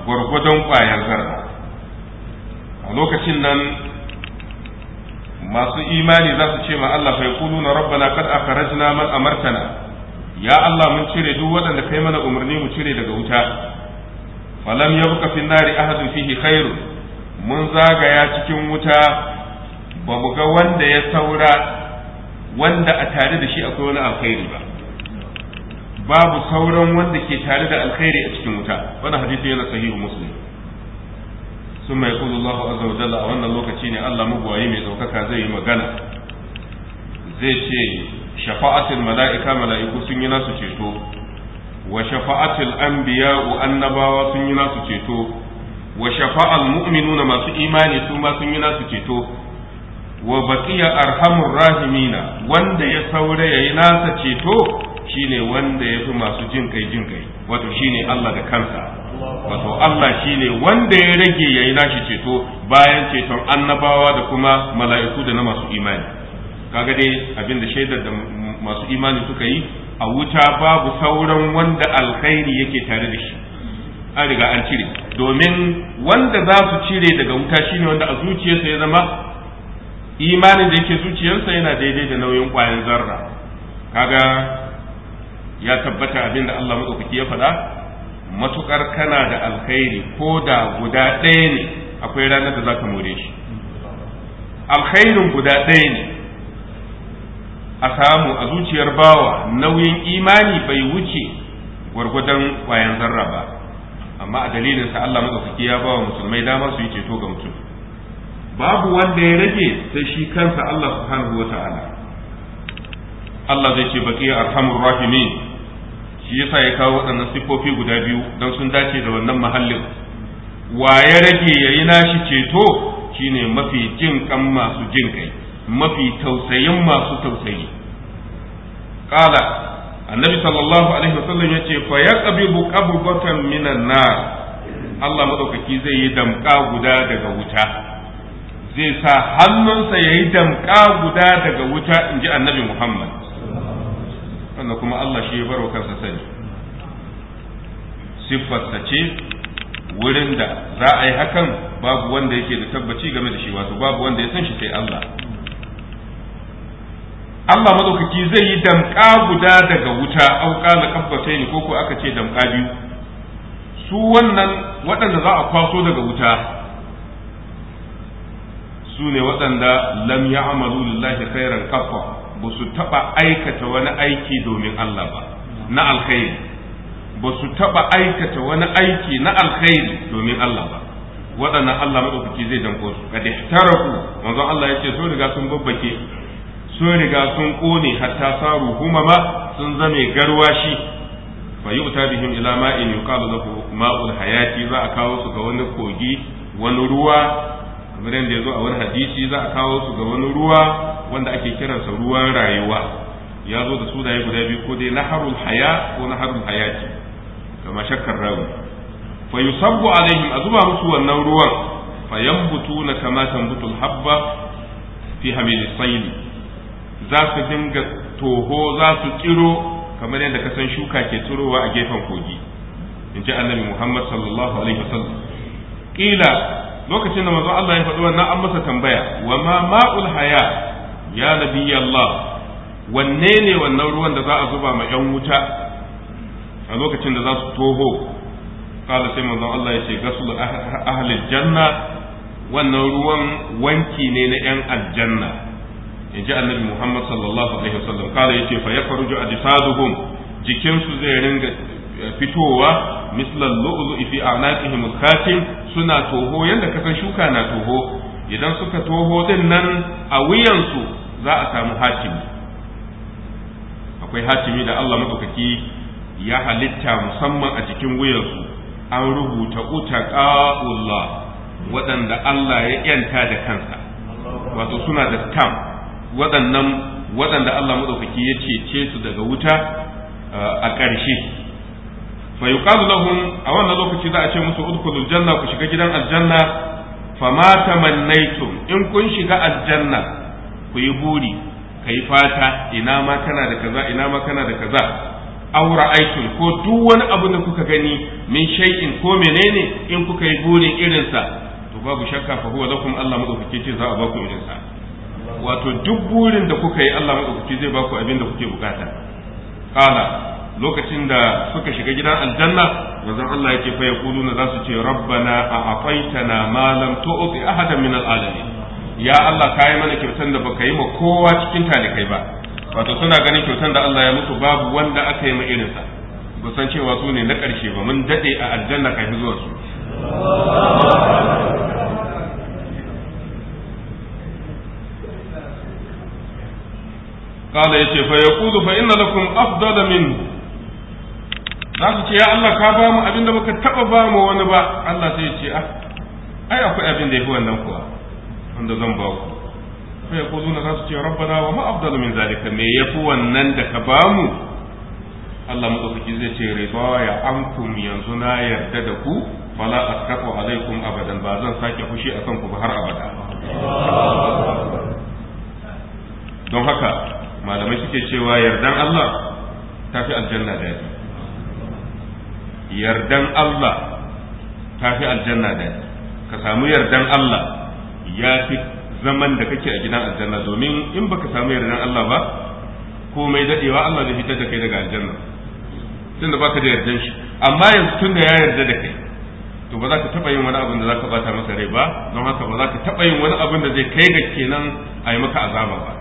gwargwadon ƙwayar zarra a lokacin nan masu imani za su ce ma Allah fa yaqulu na rabbana qad akhrajna man amartana ya Allah mun cire duk waɗanda kai mana umarni mu cire daga wuta falam yabqa fi nari ahadun fihi khairu mun zagaya cikin wuta ba mu ga wanda ya saura wanda a tare da shi akwai wani alkhairi ba babu sauran wanda ke tare da alkhairi a cikin wuta wannan hadisi yana sahihu muslim sun mai kudu Allah azza wa jalla a wannan lokaci ne Allah mugwayi mai ɗaukaka zai yi magana zai ce shafa'atul mala'ika mala'iku sun yi nasu ceto wa shafa'atul anbiya'u annabawa sun yi nasu ceto wa shafa'al mu'minuna masu imani su ma sun yi nasu ceto wa baqiya arhamur rahimina wanda ya saura yayi nasa ceto shine wanda yafi masu jin kai jin kai wato shine Allah da kansa wato Allah shine wanda ya rage yayi nashi ceto bayan ceton annabawa da kuma mala'iku da na masu imani kaga dai abinda shaidar da masu imani suka yi a wuta babu sauran wanda alkhairi yake tare da shi an riga an cire domin wanda za su cire daga wuta shine wanda a zuciyarsa ya zama imanin da yake zuciyarsa yana daidai da nauyin ƙwayan zarra kaga ya tabbata abin da Allah madaukaki ya faɗa matukar kana da alkhairi ko da guda ɗaya ne akwai ranar da za ka more shi alkhairin guda ɗaya ne a samu a zuciyar bawa nauyin imani bai wuce gwargwadon ƙwayan zarra ba amma a dalilinsa Allah Allah madaukaki ya bawa musulmai dama su yi ceto ga mutum babu wanda ya rage sai shi kansa Allah subhanahu wa ta'ala Allah zai ce baki arhamur rahimin shi yasa ya kawo waɗannan siffofi guda biyu don sun dace da wannan muhallin. wa ya rage yayi nashi ceto shine mafi jin kan masu jin kai mafi tausayin masu tausayi qala annabi sallallahu alaihi wasallam yace fa yaqbibu qabbatan minan nar Allah madaukaki zai yi damka guda daga wuta zai sa hannunsa ya yi damƙa guda daga wuta in ji annabi Muhammad wanda kuma Allah shi ya bar wa kansa sani siffarsa ce wurin da za a yi hakan babu wanda yake da tabbaci game da shi wato babu wanda ya san shi sai Allah Allah madaukaki zai yi damƙa guda daga wuta auka na ne ko ko aka ce damƙa biyu su wannan waɗanda za a kwaso daga wuta su ne waɗanda lam ya'malu lillahi khairan kafa ba su taɓa aikata wani aiki domin Allah ba na alkhairi ba su taɓa aikata wani aiki na alkhairi domin Allah ba waɗannan Allah maɗaukaki zai danko su ka dihtaraku manzon Allah ya ce sun riga sun babbake sun riga sun ƙone hatta saru humama sun zame garwashi fa yu'ta bihim ila ma'in yuqalu lahu ma'ul hayati za a kawo su ga wani kogi wani ruwa kamar yadda ya zo a wani hadisi za a kawo su ga wani ruwa wanda ake kiransa ruwan rayuwa ya zo da su ya guda biyu ko dai naharul haya ko naharul hayati kamar shakkar rawi fa yusabbu alaihim a zuba musu wannan ruwan fa na kama tambutul habba fi hamil sayli za su dinga toho za su kiro kamar yadda ka san shuka ke tsirowa a gefen kogi in ji annabi muhammad sallallahu alaihi wasallam kila lokacin da manzon Allah ya faɗi wannan an masa tambaya wa ma ma'ul haya ya nabi Allah wanne ne wannan ruwan da za a zuba ma yan wuta a lokacin da za su toho kala sai manzon Allah ya ce gasul ah-, ahlil janna wannan ruwan wanki ne na yan aljanna in ji annabi Muhammad sallallahu alaihi wasallam kala yace fa yakhruju adisaduhum jikinsu zai ringa fitowa mislal lu'lu'i fi a'naqihim khatim suna toho yanda kasan shuka na toho idan suka toho din nan a wuyansu za a samu hatimi akwai hatimi da Allah madaukaki ya halitta musamman a cikin wuyansu an rubuta utaqaullah wadanda Allah ya yanta da kansa wato suna da stamp wadannan waɗanda Allah madaukaki ya cece su daga wuta a ƙarshe fa yuqalu lahum a wannan lokaci za a ce musu udkhulul janna ku shiga gidan aljanna fama tamannaitum in kun shiga aljanna ku yi buri kai fata ina ma kana da kaza ina ma kana da kaza aw ra'aytum ko duk wani abu da kuka gani min shay'in ko menene in kuka yi burin irinsa to babu shakka fa huwa lakum Allah madaukake ce za a baku irinsa wato duk burin da kuka yi Allah madaukake zai baku abin da kuke bukata qala lokacin da suka shiga gidan aljanna wajen Allah yake fa yaquluna za su ce rabbana a afaitana ma lam tu'ti ahadan min alalamin ya Allah kai mana kyautan da baka yi ma kowa cikin talikai ba wato suna ganin kyautar da Allah ya mutu babu wanda aka yi ma irin sa ba san cewa su ne na karshe ba mun dade a aljanna kafi zuwa su قال شيخ فيقول فإن لكم أفضل منه za su ce ya Allah ka ba mu abin da baka taba ba mu wani ba Allah sai ya ce a ah, ai akwai abin da yafi wannan kuwa wanda zan ba ku sai ko zuna za su ce rabbana wa ma afdalu min zalika me yafi wannan da ka ba mu Allah madaukaki zai ce riba ya ankum yanzu na yarda da ku fala asqatu alaikum abadan ba zan sake fushi akan ku ba har abada don haka malamai suke cewa yardan Allah tafi aljanna da yardan Allah ta fi aljanna da ka samu yardan Allah ya fi zaman da kake a gidan aljanna domin in baka samu yardan Allah ba komai dadewa Allah zai fitar da kai daga aljanna tun da baka da yardan shi amma yanzu tun da ya yarda da kai to ba za ka taba yin wani abin da za ka bata masa rai ba don haka ba za ka taba yin wani abin da zai kai ga kenan a yi maka azaba ba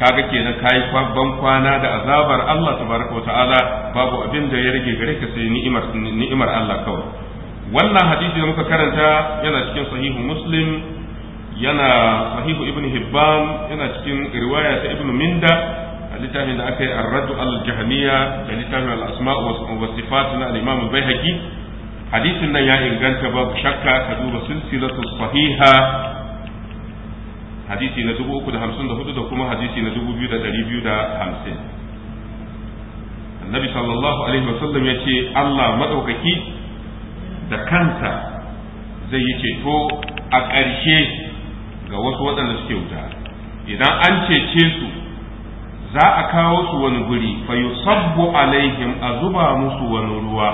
kaga kenan kai babban kwana da azabar Allah tabaraka wa ta'ala babu abin da ya rage gare ka sai ni'imar ni'imar Allah kawai wannan hadisi da muka karanta yana cikin sahihu muslim yana sahihu ibn hibban yana cikin riwaya ta ibn minda littafin da aka yi ar-raddu al-jahmiya da littafin al-asma wa sifat na al-imam al-baihaqi hadisin nan ya inganta babu shakka ka duba silsilatu sahiha hadisi na dubu uku da hamsin da hudu da kuma hadisi na dubu biyu da dari biyu da hamsin annabi sallallahu alaihi wasallam ya ce Allah maɗaukaki da kansa zai yi ceto a ƙarshe ga wasu waɗanda suke wuta idan an cece su za a kawo su wani guri fa yusabbu alaihim a zuba musu wani ruwa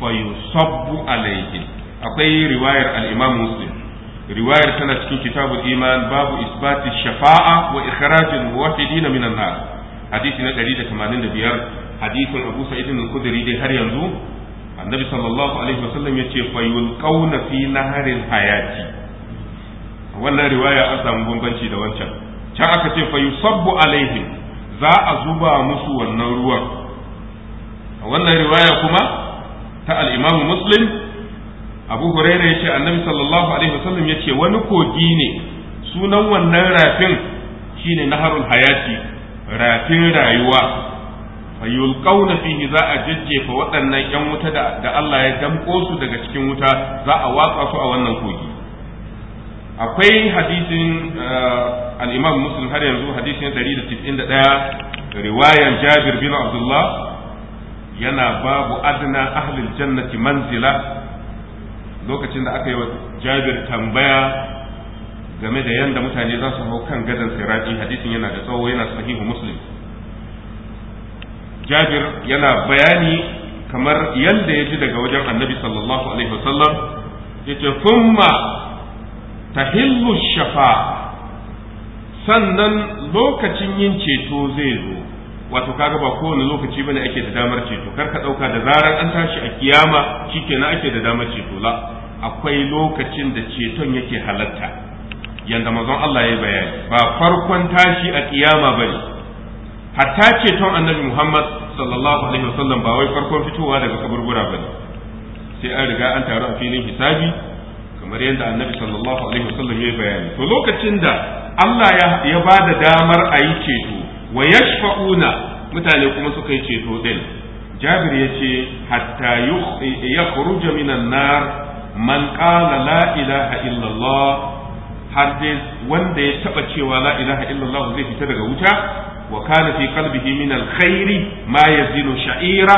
fa yusabbu alaihim akwai riwayar al-imam muslim riwayar tana cikin kitabul iman babu isbati shafa'a wa ikhrajul muwahhidin minan nar hadisi na 185 hadisin Abu Sa'id al-Khudri dai har yanzu annabi sallallahu alaihi wasallam yace fa yulqawna fi naharil hayati wannan riwaya an samu bambanci da wancan can aka ce fa yusabbu alaihim za a zuba musu wannan ruwan wannan riwaya kuma ta al-Imam Muslim abu huraira yace annabi sallallahu alaihi wasallam yace wani kogi ne sunan wannan rafin shine naharul hayati rafin rayuwa fayulqauna fihi za a jajjefa waɗannan yan wuta da Allah ya damƙo su daga cikin wuta za a watsa su a wannan kogi akwai hadisin uh, al-Imam Muslim har yanzu hadisin 191 riwayan Jabir bin Abdullah yana babu adna ahlil jannati manzila lokacin da aka yi wa jabir tambaya game da yadda mutane za su hau kan gadon siraji hadisin yana da tsawo yana sahihu muslim jabir yana bayani kamar yadda ya ji daga wajen annabi sallallahu alaihi wasallam ya ce ta tahillu shafa sannan lokacin yin ceto zai zo wato kaga ba kowane lokaci bane ake da damar ceto kar ka ɗauka da zarar an tashi a kiyama shikenan ake da damar ceto la akwai lokacin da ceton yake halatta yanda mazan Allah ya bayani ba farkon tashi a kiyama ba ne hatta ceton annabi Muhammad sallallahu alaihi wasallam ba wai farkon fitowa daga kaburbura ba ne sai an riga an taru a filin hisabi kamar yadda annabi sallallahu alaihi wasallam ya bayani to lokacin da Allah ya ba da damar a yi ceto wa yashfa'una mutane kuma suka yi ceto din jabir ya ce hatta ya minan nar man qala la ilaha illallah har dai wanda ya taba cewa la ilaha illallah zai fita daga wuta wa kana fi qalbihi min alkhairi ma yazinu sha'ira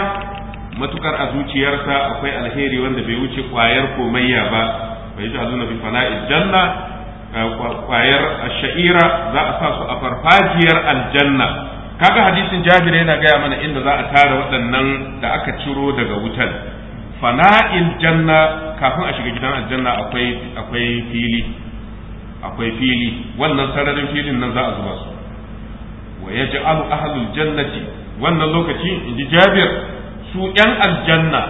matukar a zuciyarsa akwai alheri wanda bai wuce kwayar komayya ba bai ji bi fana'il janna eh, kwayar sha'ira za a sa su a farfajiyar aljanna kaga hadisin jabir yana gaya mana inda za a tara waɗannan da aka ciro daga wutan fana'il janna kafin a shiga gidan aljanna akwai akwai fili akwai fili wannan sararin filin nan za a zuba su wa yaj'alu ahlul jannati wannan lokaci inji Jabir su yan aljanna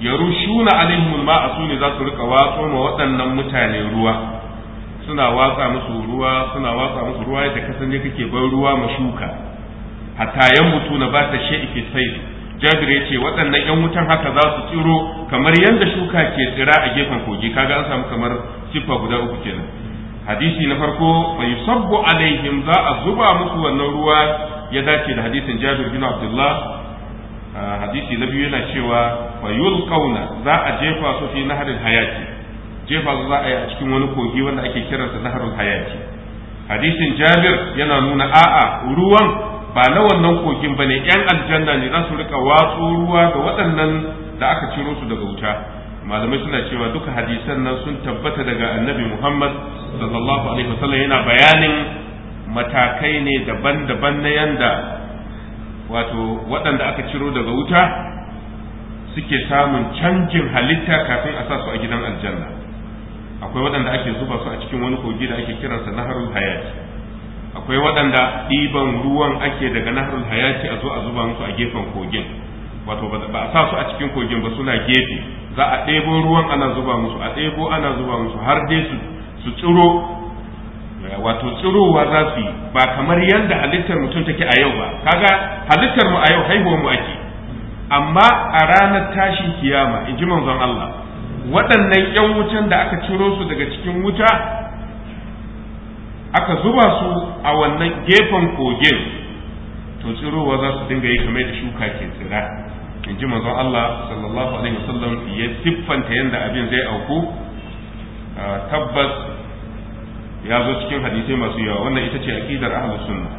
yarushuna alaihimul ma'a su ne za su rika watsa ma waɗannan mutane ruwa suna watsa musu ruwa suna watsa musu ruwa yadda kasance kake ban ruwa ma shuka hatta yan mutu ba ta shay'i fi sayri jabir ya ce waɗannan yan wutan haka za su tsiro kamar yadda shuka ke tsira a gefen kogi kaga an samu kamar siffa guda uku kenan hadisi na farko mai sabbo alaihim za a zuba musu wannan ruwa ya dace da hadisin jabir bin abdullah hadisi na biyu yana cewa fa kauna za a jefa su fi naharin hayaki. jefa su za a yi a cikin wani kogi wanda ake kiransa naharin hayaki. hadisin jabir yana nuna a'a ruwan ba na wannan kogin ba ne yan aljanna ne za su rika watsu ruwa ga waɗannan da aka ciro su daga wuta malamai suna cewa duka hadisan nan sun tabbata daga annabi muhammad sallallahu alaihi wasallam yana bayanin matakai ne daban-daban na yanda wato waɗanda aka ciro daga wuta suke samun canjin halitta kafin a sa su a gidan aljanna akwai waɗanda ake zuba su a cikin wani kogi da ake kiransa naharul hayati akwai waɗanda ɗiban ruwan ake daga nahrul hayati a zo a zuba musu a gefen kogin wato ba a sa su a cikin kogin ba suna gefe za a ɗebo ruwan ana zuba musu a ɗebo ana zuba musu har dai su su tsiro eh, wato tsirowa za su yi ba kamar yadda halittar mutum take a yau ba kaga halittar mu a yau haihuwar mu ake amma a ranar tashin kiyama in ji manzon Allah waɗannan 'yan wutan da aka ciro su daga cikin wuta aka zuba su a wannan gefen kogin to tsirowa za su dinga yi kamar da shuka ke tsira in ji manzon Allah sallallahu alaihi wasallam ya siffanta yadda abin zai auku ah, tabbas ya zo cikin hadisai masu yawa wannan ita ce aqidar ahlus sunna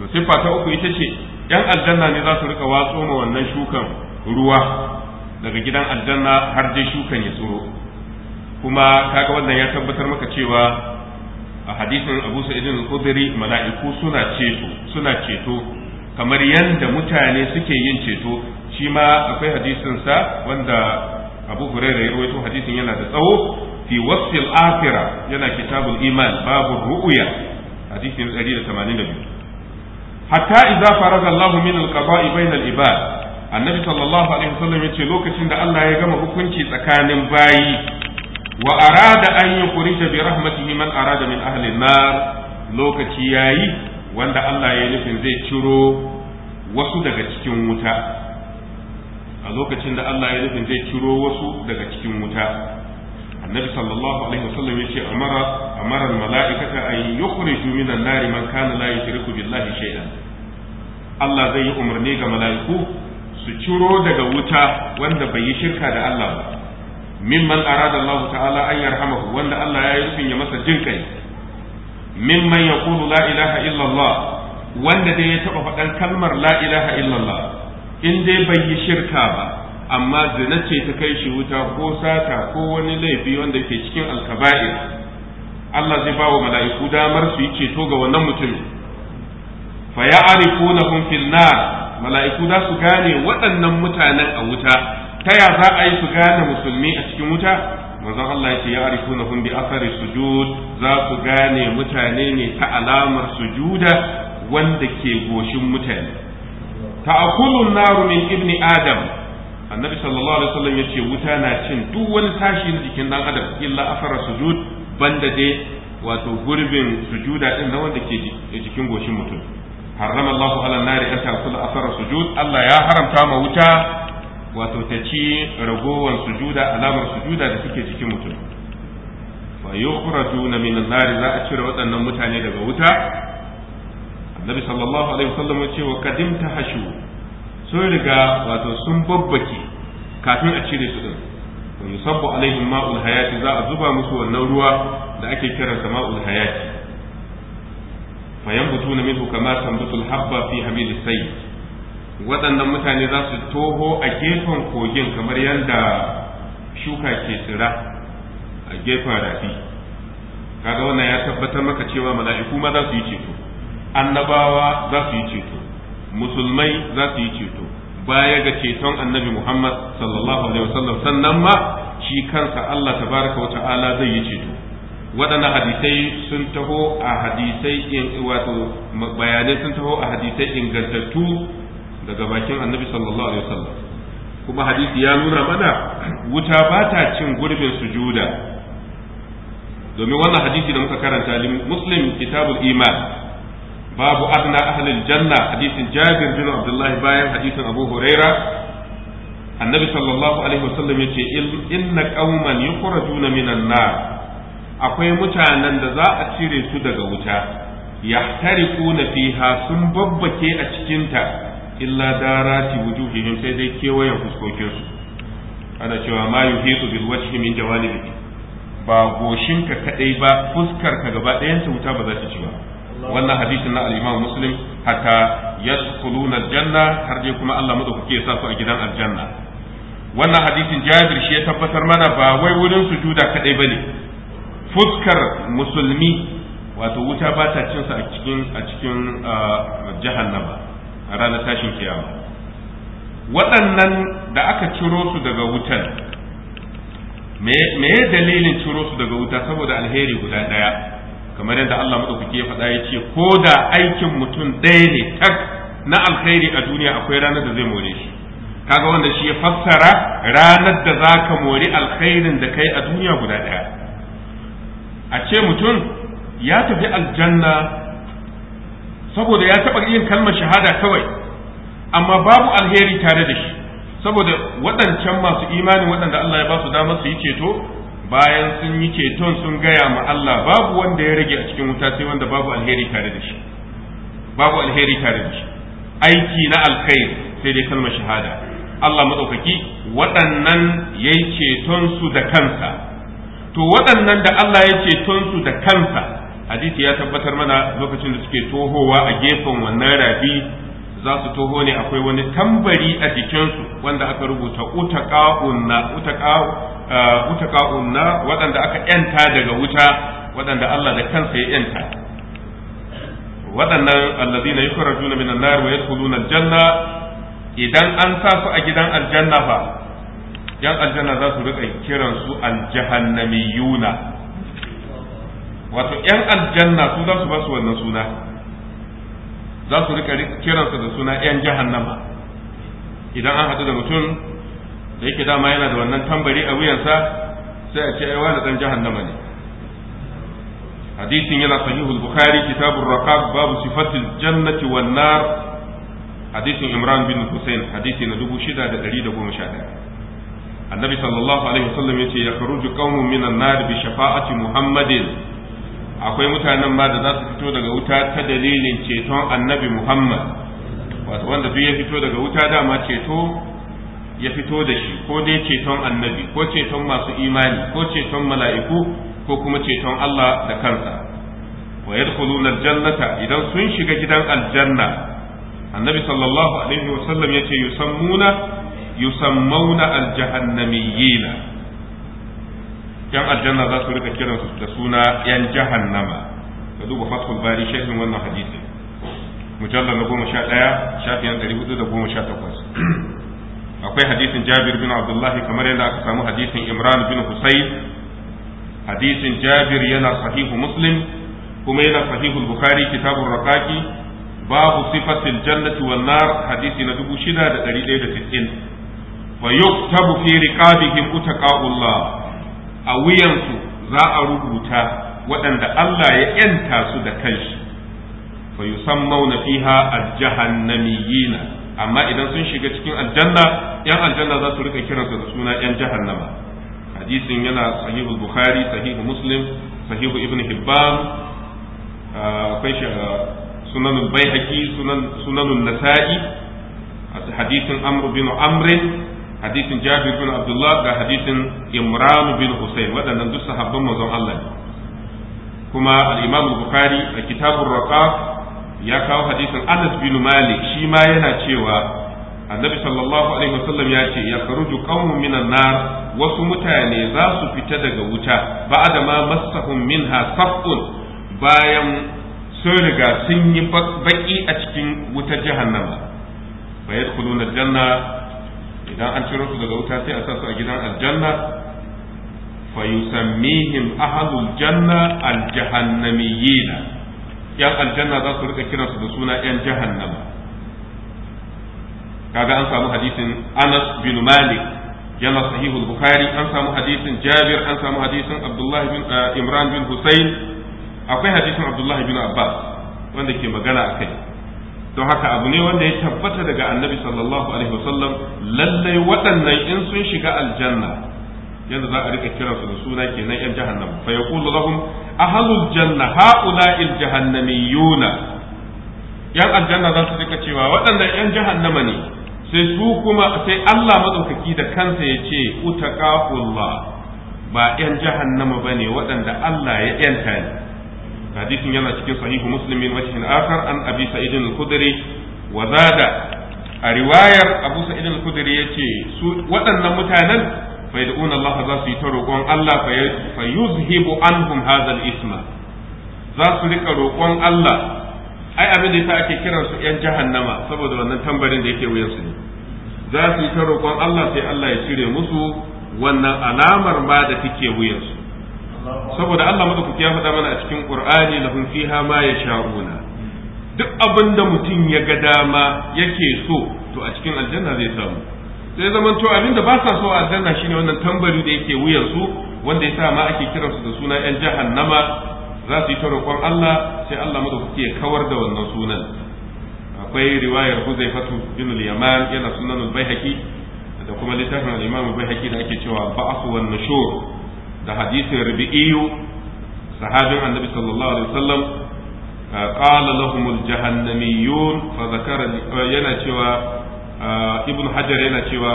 to siffa ta uku ita ce yan aljanna ne za su rika watso ma wannan shukan ruwa daga gidan aljanna har dai shukan ya tsoro kuma kaga wannan ya tabbatar maka cewa a hadisin Abu Sa'id al-Khudri mala'iku suna ceto suna ceto kamar yadda mutane suke yin ceto shi ma akwai hadisin sa wanda Abu Hurairah ya rawaito hadisin yana da tsawo fi wasfil akhirah yana kitabul iman babu ru'ya hadisin 182 hatta idza faraga Allah min al-qada'i bayna al-ibad annabi sallallahu alaihi wasallam yace lokacin da Allah ya gama hukunci tsakanin bayi wa arada an yukhrija bi rahmatihi man arada min ahli nar lokaci yayi wanda Allah ya nufin zai ciro wasu daga cikin wuta a lokacin da Allah ya nufin zai ciro wasu daga cikin wuta annabi sallallahu alaihi wasallam yace amara amara malaikata an yukhriju min an-nar man kana la yushriku billahi shay'an Allah zai yi umarni ga mala'iku su ciro daga wuta wanda bai yi shirka da Allah ba mimman arada Allah ta'ala an yarhamahu wanda Allah ya yi rufin ya masa jin kai mimman Kulu, la ilaha illallah wanda dai ya taɓa faɗan kalmar la ilaha illallah in dai bai yi shirka ba amma zina ce ta kai shi wuta ko sata ko wani laifi wanda ke cikin alkaba'ir Allah zai bawa mala'iku damar su yi ceto ga wannan mutum. fa ya'rifunahum fil nar mala'iku za su gane waɗannan mutanen a wuta ta ya za a yi su gane musulmi a cikin wuta manzon Allah ya ce ya arifuna hum bi athari sujud za ku gane mutane ne ta alamar sujuda wanda ke goshin mutane ta'kulun naru min ibni adam annabi sallallahu alaihi wasallam yace wuta na cin duk wani tashin jikin dan adam illa athara sujud banda dai wato gurbin sujuda din na wanda ke jikin goshin mutum harrama Allahu ala nari an ta'kula athara sujud Allah ya haramta ma wuta wato ta ci ragowar sujuda alamar sujuda da suke cikin mutum fa yukhrajuna min an-nar za a cire waɗannan mutane daga wuta annabi sallallahu alaihi wasallam ya ce wa qadim tahashu sun riga wato sun babbake kafin a cire su din wa yusabbu alaihim ma'ul hayati za a zuba musu wannan ruwa da ake kiransa ma'ul hayati fa yanbutuna minhu kama tambutul habba fi hamil sayyi waɗannan mutane za su toho a gefen kogin kamar yadda shuka ke tsira a gefen rafi kaga wannan ya tabbatar maka cewa mala'iku ma za su yi ceto annabawa za su yi ceto musulmai za su yi ceto baya ga ceton annabi muhammad sallallahu alaihi wasallam sannan ma shi kansa allah tabaraka wa ta'ala zai yi ceto waɗannan hadisai sun taho a hadisai wato bayanai sun taho a hadisai ingantattu daga bakin annabi sallallahu alaihi wasallam kuma hadisi ya nuna mana wuta ba ta cin gurbin sujuda domin wannan hadisi da muka karanta muslim kitabul iman babu adna ahlil janna hadisin jabir bin abdullahi bayan hadisin abu huraira annabi sallallahu alaihi wasallam yace inna qauman yukhrajuna minan nar akwai mutanen da za a cire su daga wuta yahtariquna fiha sun babbake a cikinta illa darati wujuhihim sai dai kewayen su. ana cewa ma yuhitu bil wajhi min jawanibi ba goshin ka kadai ba fuskar ka gaba su wuta ba za ta ci ba wannan hadisin na al-Imam Muslim hatta yadkhuluna al-janna har dai kuma Allah mutu kuke sa su a gidan aljanna wannan hadisin Jabir shi ya tabbatar mana ba wai wurin sujuda kadai bane fuskar musulmi wato wuta ba ta cinsa a cikin a cikin ah, jahannama a ranar tashin kiyama waɗannan da aka ciro su daga wutar me dalilin ciro su daga wuta saboda alheri guda ɗaya kamar yadda Allah maɗaukaki ya faɗa ya ce ko da aikin mutum ɗaya ne tak na alheri a duniya akwai ranar da zai more shi kaga wanda shi ya fassara ranar da za ka mori alkhairin da kai a duniya guda ɗaya a ce mutum ya tafi aljanna saboda ya taɓa yin kalmar shahada kawai amma babu alheri tare da shi saboda waɗancan masu imani waɗanda Allah ya ba su damar su yi ceto bayan sun yi ceton sun gaya ma Allah babu wanda ya rage a cikin wuta sai wanda babu alheri tare da shi babu alheri tare da shi aiki na alkhair sai dai kalmar shahada Allah maɗaukaki waɗannan ya yi ceton su da kansa to waɗannan da Allah ya ceton su da kansa hadisi ya tabbatar mana lokacin da suke tohowa a gefen wannan rafi za su toho ne akwai wani tambari a jikinsu wanda aka rubuta ka'unna uh, waɗanda aka yanta daga wuta waɗanda Allah da kansa ya yanta waɗannan na yi allazina yukhrajuna minan nar wa yadkhuluna janna. idan an sa su a gidan aljanna fa yan aljanna za su rika kiransu aljahannami yuna. wato yan aljanna su za su ba su wannan suna za su rika kiransa da suna yan jahannama idan an haɗu da mutum da yake dama yana da wannan tambari a wuyansa sai a ce ai wani dan jahannama ne hadisin yana sahihul bukhari kitabur raqab babu sifatil jannati wan nar hadisin imran bin husayn hadisi na 6111 النبي صلى الله عليه وسلم يقول يخرج قوم من النار بشفاعة Muhammadin. akwai mutanen ba da za su fito daga wuta ta dalilin ceton annabi muhammad wato wanda duk ya fito daga wuta dama ceto ya fito da shi ko dai ceton annabi ko ceton masu imani ko ceton mala'iku ko kuma ceton allah da kansa wa na aljannata idan sun shiga gidan aljanna annabi sallallahu alaihi wasallam yace yusammuna yusammauna aljahannamiyina yan aljanna za su rika kiransu da suna yan jahannama ka duba fathul bari shekin wannan hadisi mujallar na goma sha ɗaya shafiyan ɗari hudu da goma sha takwas akwai hadisin jabir bin abdullahi kamar yadda aka samu hadisin imran bin husayn hadisin jabir yana sahihu muslim kuma yana sahihu bukhari kitabun raqaqi babu sifatil jannati wan nar hadisi na dubu shida da ɗari ɗaya da sittin fa yuktabu fi riqabihim utaqa'ullah a wuyansu za a rubuta waɗanda Allah ya ‘yanta su da kanshi fa yusammauna fiha al-jahannamiyina amma idan sun shiga cikin aljanna ‘yan aljanna za su rika kiransu da suna ‘yan jahannama hadisin yana sahihu bukhari sahihu muslim sahihu ibn hibban akwai sunanun baihaqi sunanun nasa'i hadisin amr bin amr hadisin jabir bin abdullah ga hadisin imran bin husayn waɗannan duk sahabban manzon Allah ne kuma al-imam bukhari a kitabur raqaq ya kawo hadisin anas bin malik shi ma yana cewa annabi sallallahu alaihi wasallam ya ce ya kharuju qaumun minan nar wasu mutane za su fita daga wuta ba'da ma massahum minha safun bayan sun riga sun yi baki a cikin wutar jahannama fa yadkhuluna janna idan an ciro su daga wuta sai a sa a gidan aljanna fa yusammihim ahlul janna aljahannamiyina yan aljanna za su rika kiransu da suna yan jahannama kaga an samu hadisin Anas bin Malik yana sahihul Bukhari an samu hadisin Jabir an samu hadisin Abdullah bin Imran bin Husayn akwai hadisin Abdullah bin Abbas wanda ke magana akai don haka abu ne wanda ya tabbata daga annabi sallallahu alaihi wasallam lallai waɗannan in sun shiga aljanna yadda za a rika kiransu da suna kenan yan jahannam fa yaqulu lahum ahlul janna haula'il jahannamiyuna yan aljanna za su rika cewa waɗannan yan jahannama ne sai su kuma sai Allah madaukaki da kansa ya ce utaqaullah ba yan jahannama bane waɗanda Allah ya yanta ne hadisin yana cikin sahihu muslim min wajhin akhar an abi sa'id al-khudri wa zada a riwayar abu sa'id al-khudri yace su waɗannan mutanen fa yad'una Allah za su yi ta roƙon Allah fa yuzhibu anhum hadha al-isma za su rika roƙon Allah ai abin da yasa ake kiransu yan jahannama saboda wannan tambarin da yake wuyansu ne za su yi ta roƙon Allah sai Allah ya cire musu wannan alamar ma da take wuyansu saboda Allah madaukaki ya faɗa mana a cikin Qur'ani lahum fiha ma ya yasha'una duk abin da mutum ya ga dama yake so to a cikin aljanna zai samu sai zaman to abin da ba sa so a aljanna shine wannan tambari da yake wuyan su wanda yasa ma ake kiransu da suna yan jahannama za su yi ta roƙon Allah sai Allah madaukaki ya kawar da wannan sunan akwai riwayar Huzaifatu bin al-Yaman yana sunan al-Baihaqi da kuma littafin al-Imam al-Baihaqi da ake cewa ba'su wan nushur da hadisin rubi'iyu sahabin annabi sallallahu alaihi wasallam qala lahum al-jahannamiyun fa yana cewa ibn hajar yana cewa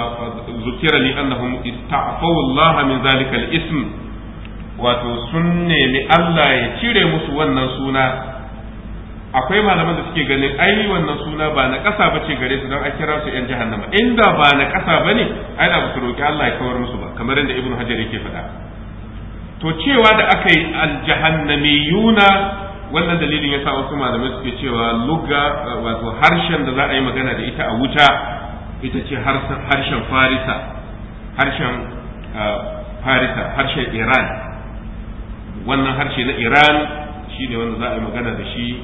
zukira li annahum ista'faw Allah min ism wato sun Allah ya cire musu wannan suna akwai malaman da suke ganin ai wannan suna ba na ƙasa ba ce gare su don a kira su yan jahannama inda ba na kasa ba ne ai da su roƙi Allah ya kawar musu ba kamar yadda ibnu hajar yake faɗa to cewa da aka yi yuna, wannan dalilin ya sa wasu malamai suke cewa lugga wato harshen da za a yi magana da ita a wuta ita ce harshen farisa harshen ah, farisa harshen iran wannan harshe na iran shi ne wanda za a yi magana da shi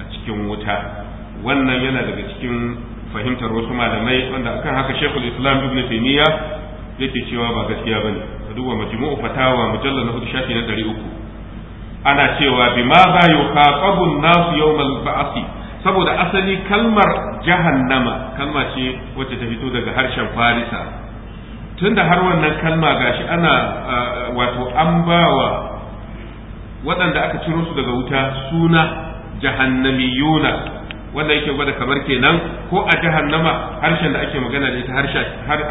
a cikin wuta wannan yana daga cikin fahimtar wasu malamai wanda akan haka shekul islam ibn taimiyya yake cewa ba gaskiya ba ne duba majmu'u fatawa mujallal na hudu shafi na ɗari uku ana cewa bima ba yuqaqabu an-nas yawmal ba'si saboda asali kalmar jahannama kalma ce wacce ta fito daga harshen farisa tunda har wannan kalma gashi ana wato an bawa waɗanda aka ciro su daga wuta suna jahannamiyuna wanda yake gwada kamar kenan ko a jahannama harshen da ake magana da ita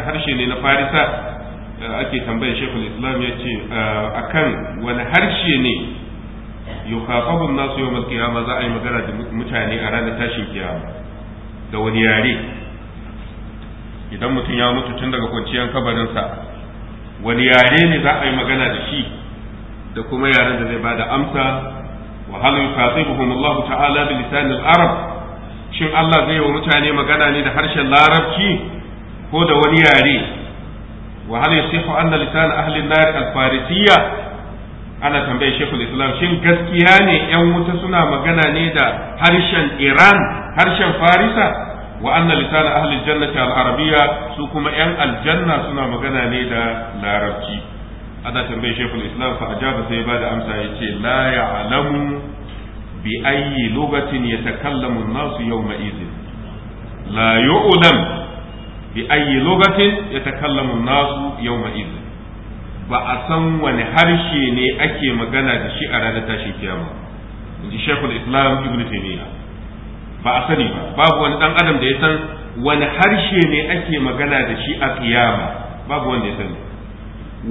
harshe ne na farisa ake tambayar shekul islam ya ce a kan wani harshe ne yukhafafun nasu yau kiyama za a yi magana da mutane a ranar tashin kiyama da wani yare idan mutum ya mutu tun daga kwanciyar kabarinsa wani yare ne za a yi magana da shi da kuma yaren da zai ba da amsa wa fasai yukhatibuhum Allah ta'ala bi lisanin arab shin Allah zai yi wa mutane magana ne da harshen larabci ko da wani yare wa hal yasihu anna lisan ahli an-nar ana tambayar shekul islam shin gaskiya ne yan wuta suna magana ne da harshen iran harshen farisa wa anna lisan ahli jannati al su kuma yan aljanna suna magana ne da larabci ana tambayar shekul islam fa ajaba sai ba da amsa yace la ya'lamu bi ayyi lugatin yatakallamu an-nasu yawma idhin Layo yu'lam bi ayyi lugatin yatakallamu an-nasu yawma idh ba a san wani harshe ne ake magana da shi a ranar tashin kiyama in ji shekul islam ibn taymiya ba a sani ba babu wani dan adam da ya san wani harshe ne ake magana da shi a kiyama babu wanda ya sani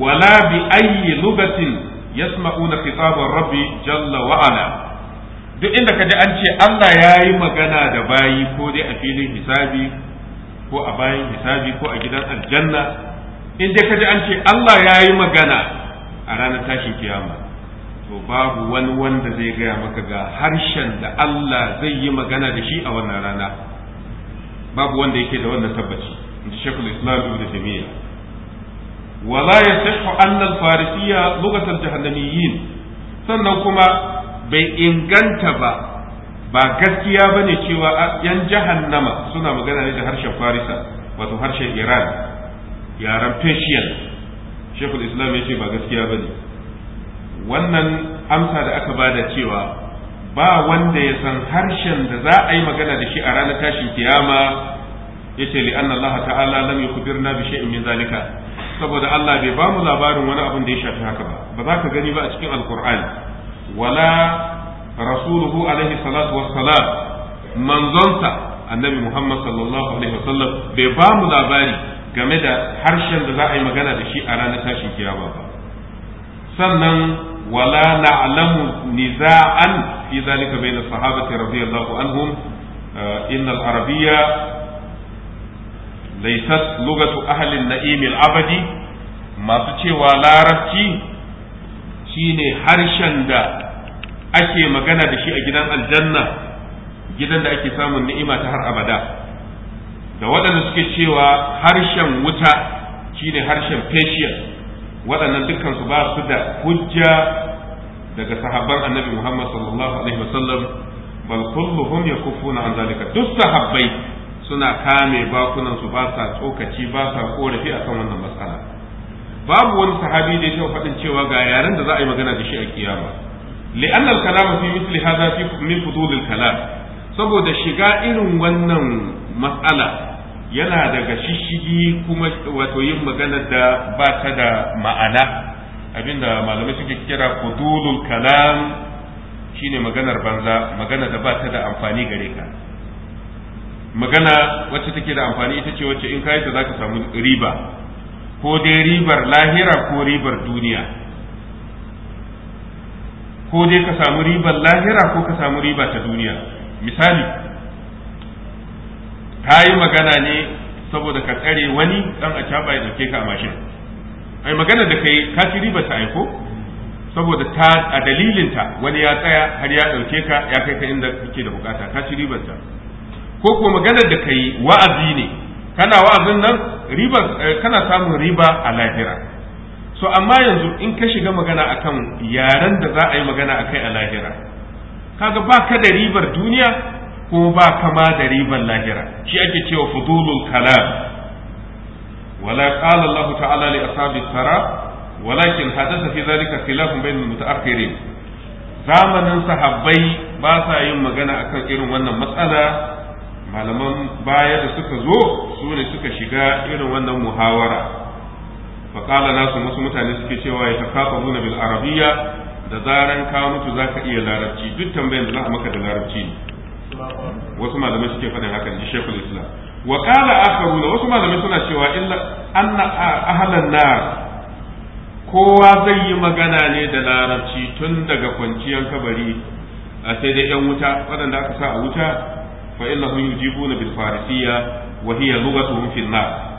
wala bi ayyi lugatin yasma'una khitaban rabbi jalla wa ala duk inda kaji an ce Allah ya yi magana da bayi ko dai a filin hisabi ko a bayan hisabi ko a gidan aljanna in dai kaji an ce Allah ya yi magana a ranar tashin kiyama to babu wani wanda zai gaya maka ga harshen da Allah zai yi magana da shi a wannan rana babu wanda yake da wannan tabbaci in ji shekul islam ibn jami'a wala ya anna al-farisiyya lughatan jahannamiyyin sannan kuma bai inganta ba ba gaskiya bane cewa yan jahannama suna magana ne da harshen farisa wato harshen iran yaren persian shekul islam ya ce ba gaskiya bane wannan amsa da aka bada cewa ba wanda ya san harshen da za a yi magana da shi a ranar tashin kiyama ya ce li'an Allah ta'ala lam yukhbirna bi shay'in min zalika saboda Allah bai ba mu labarin wani abin da ya shafi haka ba ba za ka gani ba a cikin alqur'ani wala rasuluhu alaihi salatu wassalam manzonsa annabi muhammad sallallahu alaihi wasallam bai ba mu labari game da harshen da za a yi magana da shi a ranar tashin kiyama ba sannan wala na'lamu niza'an fi zalika bayna sahabati radiyallahu anhum uh, inna al-arabiyya laysat lugatu ahli an-na'im al-abadi masu cewa larabci shine harshen da ake magana da shi a gidan aljanna gidan da ake samun ni'ima ta har abada da waɗanda suke cewa harshen wuta shine harshen fashiya waɗannan dukkan ba su da hujja daga sahabban annabi Muhammad sallallahu alaihi wasallam bal kulluhum yakuffuna an zalika duk sahabbai suna kame bakunan su ba sa tsokaci ba sa korafi akan wannan matsala babu wani sahabi da ya taɓa faɗin cewa ga yaren da za a yi magana da shi a kiyama Li'anar kalama kalam fi mithli hadha fi min fudul al-kalam saboda shiga irin wannan matsala yana daga shishigi kuma wato yin magana da ba ta da ma'ana abinda malamai suke kira fudulul kalam shine maganar banza magana da ba ta da amfani gare ka magana wacce take da amfani ita ce wacce in ka yi ta zaka samu riba ko dai ribar lahira ko ribar duniya ko dai ka samu ribar lahira ko ka samu riba ta duniya misali ka yi magana ne saboda ka tsare wani dan a caba ya dauke ka a mashin ai magana da kai ka ci riba ta aiko saboda ta a dalilinta wani ya tsaya har ya dauke ka ya kai ka inda kake da bukata ka ci ribar ta ko ko maganar da kai wa'azi ne kana wa'azin nan riba eh, kana samun riba a lahira so amma yanzu in ka shiga magana akan yaren da za a yi magana akai a lahira kaga ba ka da ribar duniya ko ba ka ma da ribar lahira shi ake cewa fudulul kalam wala qala Allah ta'ala li ashabi sara walakin hadatha fi zalika khilafun bainal mutaakhirin zamanin sahabbai ba sa yin magana akan irin wannan matsala malaman baya da suka zo su ne suka shiga irin wannan muhawara faƙala nasu wasu mutane suke cewa ya takafa nuna bil arabiya da zaran ka mutu za ka iya larabci duk tambayar da za a maka da larabci ne wasu malamai suke faɗin haka ji shekul islam wa ƙala akharuna wasu malamai suna cewa illa anna ahlan nar kowa zai yi magana ne da larabci tun daga kwanciyar kabari a sai dai yan wuta waɗanda aka sa a wuta fa innahum yujibuna bil farisiyya wa hiya lughatuhum fil nar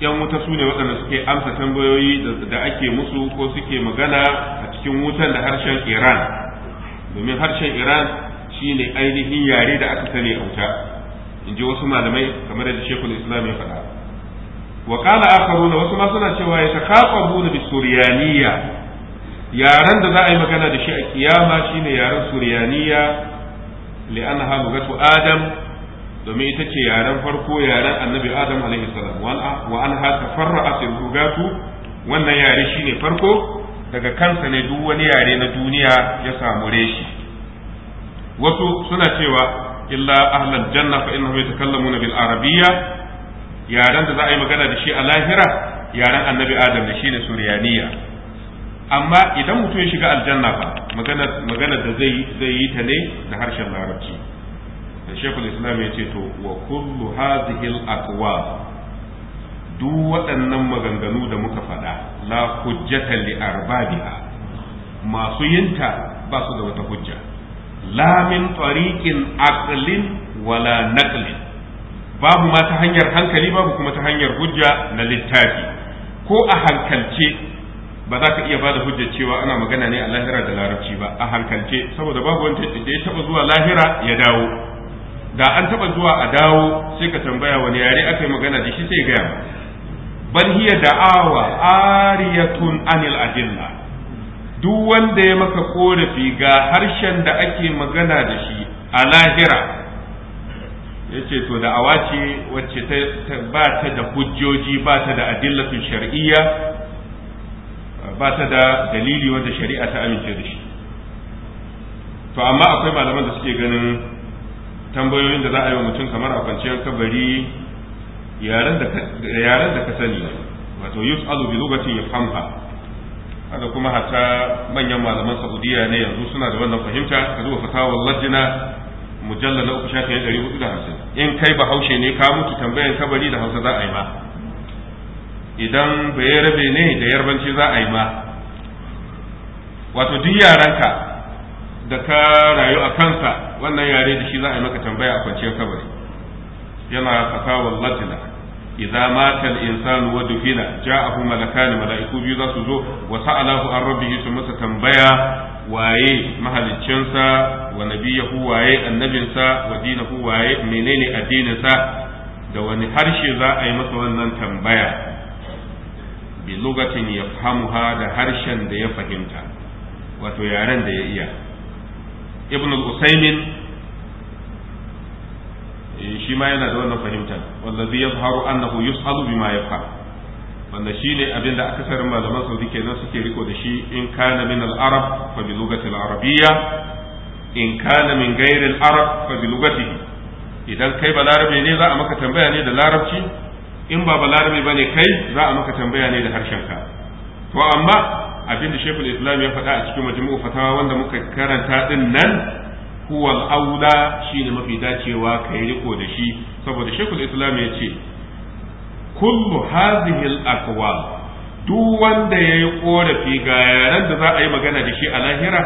yan wuta su ne waɗanda suke amsa tambayoyi da ake musu ko suke magana a cikin wutan da harshen iran domin harshen iran shi ne ainihin yare da aka sani a wuta in ji wasu malamai kamar da shekul islam ya faɗa wa kala wasu ma suna cewa ya takafabuna bi suriyaniya yaren da za a yi magana da shi a kiyama shi ne yaren suriyaniya li'annaha adam domin ita ce yaren farko yaren annabi adam alaihi salam wa an ha tafarra'a fil wannan yare shine farko daga kansa ne duk wani yare na duniya ya samu reshi wasu suna cewa illa ahlal janna fa innahum yatakallamuna bil arabiyya yaren da za a yi magana da shi a lahira yaren annabi adam da shine suriyaniya amma idan mutum ya shiga aljanna fa magana magana da zai zai yi ta ne da harshen larabci shekul islam ya ce to wa kullu hazihil aqwa duk waɗannan maganganu da muka faɗa la hujjata li arbabiha masu yinta ba su da wata hujja la min tariqin aqlin wala naqlin babu ma ta hanyar hankali babu kuma ta hanyar hujja na littafi ko a hankalce ba za ka iya ba da hujjar cewa ana magana ne a lahira da larabci ba a hankalce saboda babu wanda da ya taba zuwa lahira ya dawo da an taba zuwa a dawo sai ka tambaya wani yare aka yi magana da shi sai gaya bal hiya da'awa ariyatun anil ajilla duk wanda ya maka korafi ga harshen da ake magana da shi a lahira ya ce to da'awa ce wacce ba ta da hujjoji ba ta da adillatun shar'iyya ba ta da dalili wanda shari'a ta amince da shi to amma akwai malaman da suke ganin tambayoyin da za a yi wa mutum kamar a kwanciyar kabari yaren da ka sani wato alu bi ya yafhamha haka kuma hata manyan malaman saudiya ne yanzu suna da wannan fahimta ka zuwa fatawar lajina mujalla na uku shafi ɗari hudu da hamsin in kai bahaushe ne ka mutu tambayar kabari da hausa za a yi ma idan bayarabe rabe ne da yarbanci za a yi ma wato duk yaranka da ka rayu a kansa wannan yare da shi za a yi maka tambaya a kwanciyar kabari yana fasawar latina idza matan al-insanu wa dufina ja'ahu malakani mala'iku biyu za su zo wa sa'alahu an rabbihi su masa tambaya waye mahaliccinsa wa nabiyahu waye annabinsa wa dinahu waye menene addininsa da wani harshe za a yi masa wannan tambaya bi lugatin fahimta da harshen da ya fahimta wato yaren da ya iya ibn al-usaymin eh, shi ma yana da wannan fahimtar wanda zai yazharu annahu yus'alu bima yafqa wanda shine abin da akasarin malaman saudi kenan suke riko da shi in kana min al-arab fa bi lughati al-arabiyya in kana min ghairi al-arab fa bi lughatihi idan kai balarabe ne za a maka tambaya ne da larabci in ba balarabe bane kai za a maka tambaya ne da harshenka to amma abin da shekul islam ya faɗa a cikin majmu'u fatawa wanda muka karanta din nan huwa aula shine mafi dacewa kai riko da shi saboda shekul islam ya ce kullu hadhihi al-aqwal duk wanda ya yi korafi ga yaran da za a yi magana da shi a lahira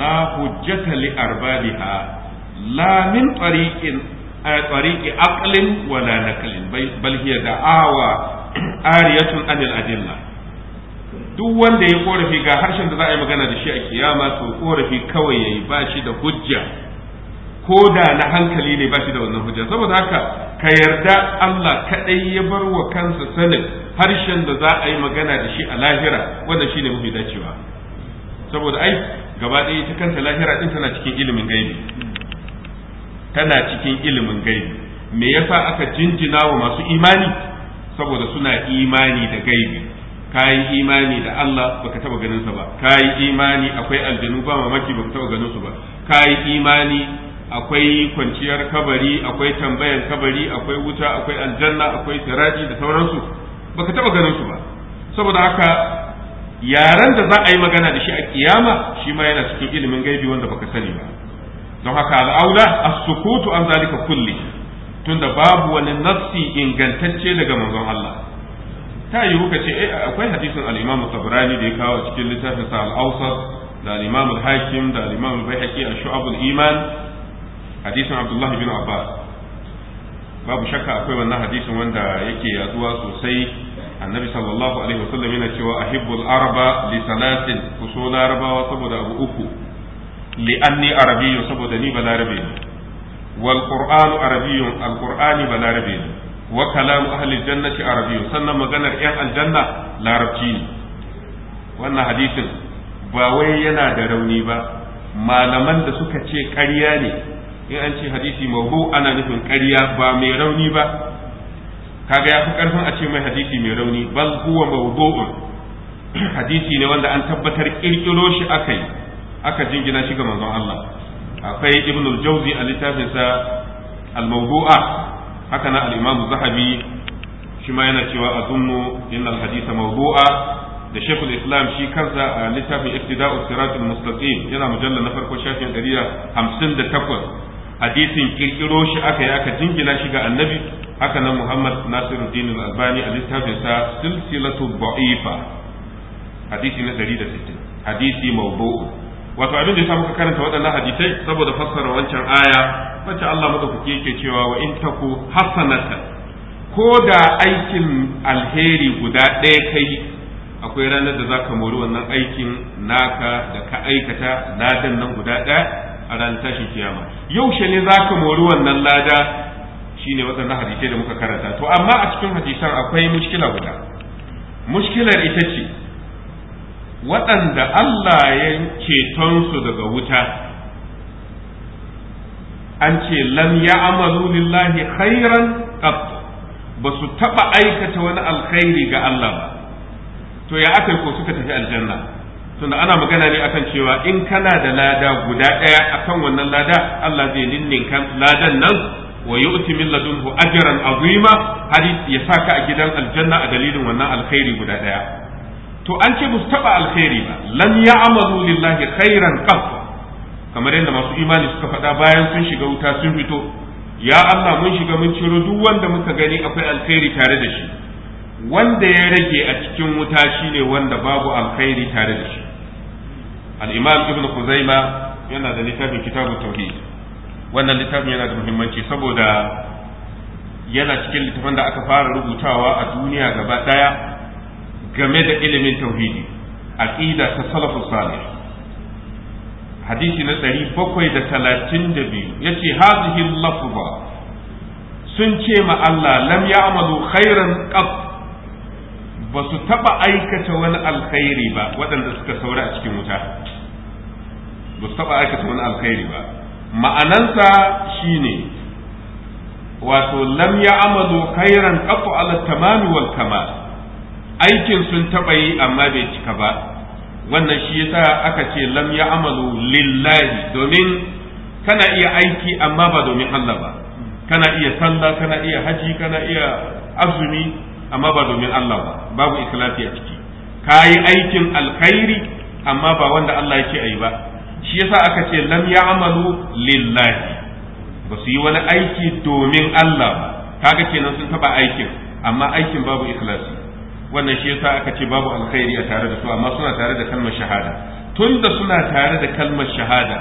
la hujjata li arbabiha la min tariqin tariqi aqlin wala naqlin bal hiya da'awa ariyatun anil adillah duk wanda ya korafi ga harshen da za a yi magana da shi a kiyama to korafi kawai yayi ba shi da hujja ko da na hankali ne ba shi da wannan hujja saboda haka ka yarda Allah kaɗai ya bar wa kansa sanin harshen da za a yi magana da shi a lahira wanda shi ne mafi dacewa saboda ai gaba ɗaya ta kanta lahira din tana cikin ilimin gaibi tana cikin ilimin gaibi me yasa aka jinjina wa masu imani saboda suna imani da gaibi kayan imani da Allah baka taba ganin sa ba kayi imani akwai aljanu ba mamaki baka taba ganin su ba kayi imani akwai kwanciyar kabari akwai tambayar kabari akwai wuta akwai aljanna akwai siraji da sauransu baka taba ganin su ba saboda haka yaran da za a yi magana da shi a kiyama shi ma yana cikin ilimin gaibi wanda baka sani ba don haka al'aula as-sukutu an zalika kulli tunda babu wani nafsi ingantacce daga manzon Allah ta yi ka ce eh akwai hadisin al-Imam Tabrani da ya kawo cikin littafin sa al-Awsat da al-Imam al-Hakim da al-Imam al-Baihaqi a Shu'ab al-Iman hadisin Abdullah bin Abbas babu shakka akwai wannan hadisin wanda yake yaduwa sosai annabi sallallahu alaihi wasallam yana cewa ahibbul araba li salatin kuso larabawa saboda abu uku li anni arabiyyu saboda ni balarabe ne wal qur'anu arabiyyun al qur'ani balarabe ne wa kalam ahli jannati arabiyyu sannan maganar yan aljanna larabci ne wannan hadisin ba wai yana da rauni ba malaman da suka ce ƙarya ne in an ce hadisi mawdu ana nufin ƙarya ba mai rauni ba kaga ya karfin a ce mai hadisi mai rauni bal huwa mawdu'un hadisi ne wanda an tabbatar kirkiro shi aka aka jingina shi ga manzon Allah akwai ibnul jauzi jawzi a littafinsa al-mawdu'a haka na al-Imam Zahabi shi ma yana cewa azunnu innal hadisa mawdu'a da Sheikhul Islam shi kansa a littafin Iftida'us Siratul Mustaqim yana mujalla na farko shafin 158 hadisin kirkiro shi aka yi aka jingina shi ga Annabi haka nan Muhammad nasiru Al-Albani a littafin sa Silsilatu Da'ifa hadisi na 160 hadisi mawdu'u wato abin da ya sa muka karanta waɗannan hadisai saboda fassara wancan aya wacce Allah madaukaki yake cewa wa in taku hasanata? ko da aikin alheri guda ɗaya kai akwai ranar da zaka mori wannan aikin naka da ka aikata ladan nan guda ɗaya a ranar tashin kiyama yaushe ne zaka mori wannan lada shine waɗannan hadisai da muka karanta to amma a cikin hadisan akwai mushkila guda mushkilar ita ce waɗanda Allah ya cetonsu daga wuta an ce lam ya amalu lillahi khairan qat ba su taɓa aikata wani alkhairi ga Allah ba to ya aka ko suka tafi aljanna tunda ana magana ne akan cewa in kana da lada guda ɗaya akan wannan lada Allah zai kan ladan nan wa yu'ti min ladunhu ajran azima hadith ya saka a gidan aljanna a dalilin wannan alkhairi guda ɗaya to an ce musu taba alkhairi ba lam ya'malu lillahi khairan qat kamar yadda masu imani suka faɗa bayan sun shiga wuta sun fito ya Allah mun shiga mun ciro duk wanda muka gani akwai alkhairi tare da shi wanda ya rage a cikin wuta shine wanda babu alkhairi tare da shi al-imam ibn khuzaima yana da littafin kitabu tauhid wannan littafin yana da muhimmanci saboda yana cikin littafin da aka fara rubutawa a duniya gaba daya game da ilimin tauhidi aqida ta salafus salih hadisi na 732 yace hadhihi lafza sun ce ma Allah lam ya'malu khairan qab ba su taba aikata wani alkhairi ba waɗanda suka saura a cikin wuta ba su taba aikata wani alkhairi ba ma'anansa shine wato lam ya'malu khairan qab ala tamami wal kamal aikin sun taɓa yi amma bai cika ba wannan shi yasa aka ce lam ya amalu lillahi domin kana iya aiki amma ba domin Allah ba kana iya sallah kana iya haji kana iya azumi amma ba domin Allah ba babu ikhlasi a ciki kayi aikin alkhairi amma ba wanda Allah yake ayi ba shi yasa aka ce lam ya amalu lillahi ba su yi wani aiki domin Allah ba kaga kenan sun taba aikin amma aikin babu ikhlasi wannan shi yasa aka ce babu alkhairi a tare da su amma suna tare da kalmar shahada tunda suna tare da kalmar shahada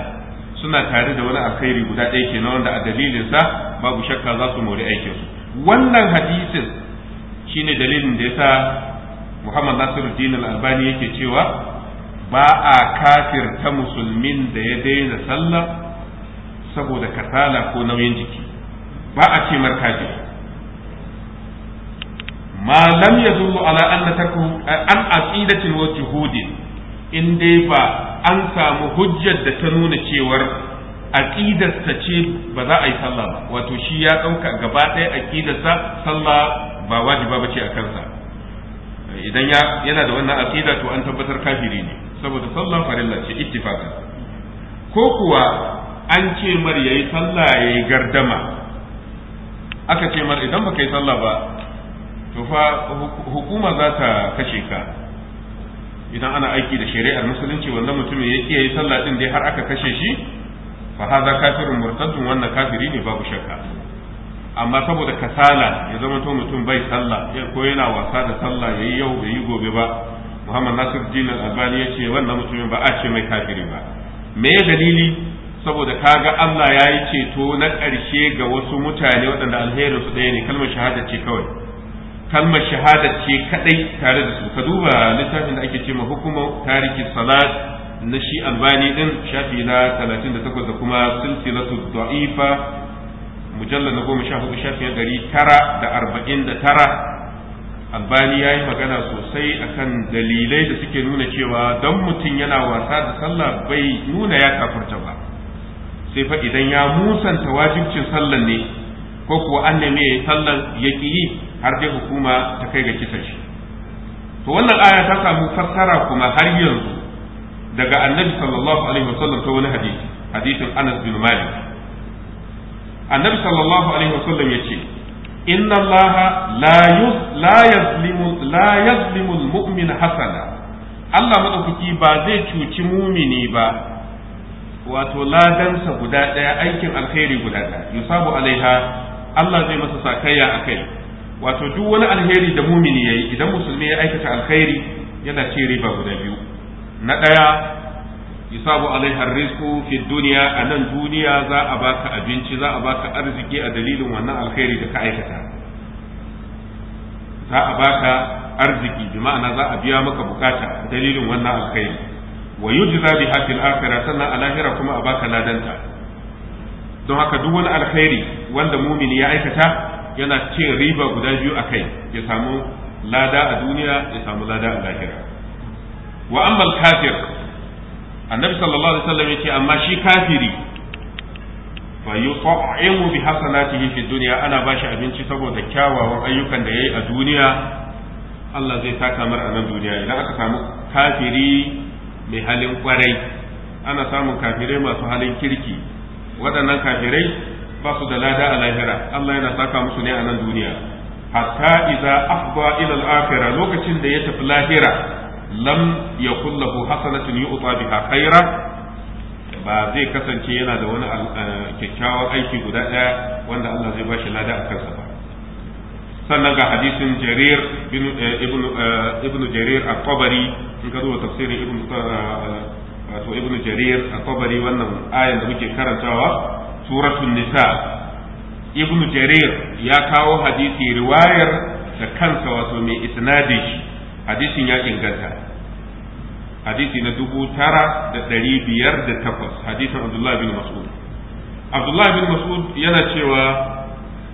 suna tare da wani alkhairi guda ɗaya kenan wanda a dalilin sa babu shakka za su mori aikin su wannan hadisin shine dalilin da yasa Muhammad Nasiruddin Al-Albani yake cewa ba a kafir ta musulmin da ya daina sallah saboda kasala ko nauyin jiki ba a ce kafir ma ya yadullu ala anna an aqidatin wa juhudin in dai ba an samu hujjar da ta nuna cewar aqidarsa ce ba za a yi sallah ba wato shi ya dauka gaba ɗaya aqidarsa sallah ba wajiba bace a kansa idan yana da wannan aqida to an tabbatar kafiri ne saboda sallah farilla ce ittifaqan ko kuwa an ce mar yayi sallah yayi gardama aka ce mar idan baka yi sallah ba to fa hukuma za ta kashe ka idan ana aiki da shari'ar musulunci wannan mutumin ya yi sallah din dai har aka kashe shi fa haza kafirun murtadun wannan kafiri ne babu shakka amma saboda kasala ya zama to mutum bai sallah ko yana wasa da sallah yayi yau bai yi gobe ba Muhammad Nasir Din Albani ya ce wannan mutumin ba a ce mai kafiri ba me ya dalili saboda kaga Allah ya yi ceto na ƙarshe ga wasu mutane waɗanda alherin su ɗaya ne kalmar shahada ce kawai kalmar shahada ce kadai tare da su ka duba littafin da ake cewa hukumar tariki salat na shi albani din shafi na 38 da kuma silsilatu da'ifa mujalla na goma sha hudu shafi gari tara da arba'in da tara albani ya yi magana sosai akan dalilai da suke nuna cewa don mutum yana wasa da sallah bai nuna ya kafarta ba sai fa idan ya musanta wajibcin sallan ne ko kuwa an neme sallan ya yi har dai hukuma ta kai ga kisa shi to wannan aya ta samu fassara kuma har yanzu daga annabi sallallahu alaihi wasallam ta wani hadisi hadisin Anas bin Malik annabi sallallahu alaihi wasallam ce inna allaha la yuz la yazlimu la yazlimu almu'min hasana Allah madaukaki ba zai cuci mumini ba wato ladansa guda daya aikin alkhairi guda daya yusabu alaiha Allah zai masa sakayya akai wato duk wani alheri da mumini yi idan musulmi ya aikata alkhairi yana ci riba guda biyu na ɗaya yusabu alaiha rizqu fi dunya a nan duniya za a baka abinci za a baka arziki a dalilin wannan alkhairi da ka aikata za a baka arziki bi ma'ana za a biya maka bukata a dalilin wannan alkhairi wa yujza bi fil akhirah sannan a lahira kuma a baka ladanta don haka duk wani alkhairi wanda mumini ya aikata yana cin riba guda biyu a kai ya samu lada a duniya ya samu lada a lahira wa ammal kafir annabi sallallahu alaihi wasallam yace amma shi kafiri fa yut'imu bi hasanatihi fi dunya ana bashi abinci saboda kyawawan ayyukan da ya yi a duniya Allah zai saka mar a nan duniya idan aka samu kafiri mai halin kwarai ana samun kafirai masu halin kirki waɗannan kafirai ba da lada a lahira Allah yana saka musu ne a nan duniya hatta idza afba ila al-akhirah lokacin da ya tafi lahira lam yakul lahu hasanatun yu'ta biha khaira ba zai kasance yana da wani eh, kyakkyawan aiki guda daya wanda Allah zai bashi lada a kansa ba sannan ga hadisin jarir eh, eh, ibn jarir at-tabari in ka zuwa tafsirin ibn wato ibn jarir at-tabari wannan ayan da muke karantawa suratul nisa ibn jarir ya kawo hadisi riwayar da kansa wato mai isnadin shi hadisin ya inganta hadisi na dubu tara da ɗari biyar da takwas hadisin abdullahi bin mas'ud abdullahi bin mas'ud yana cewa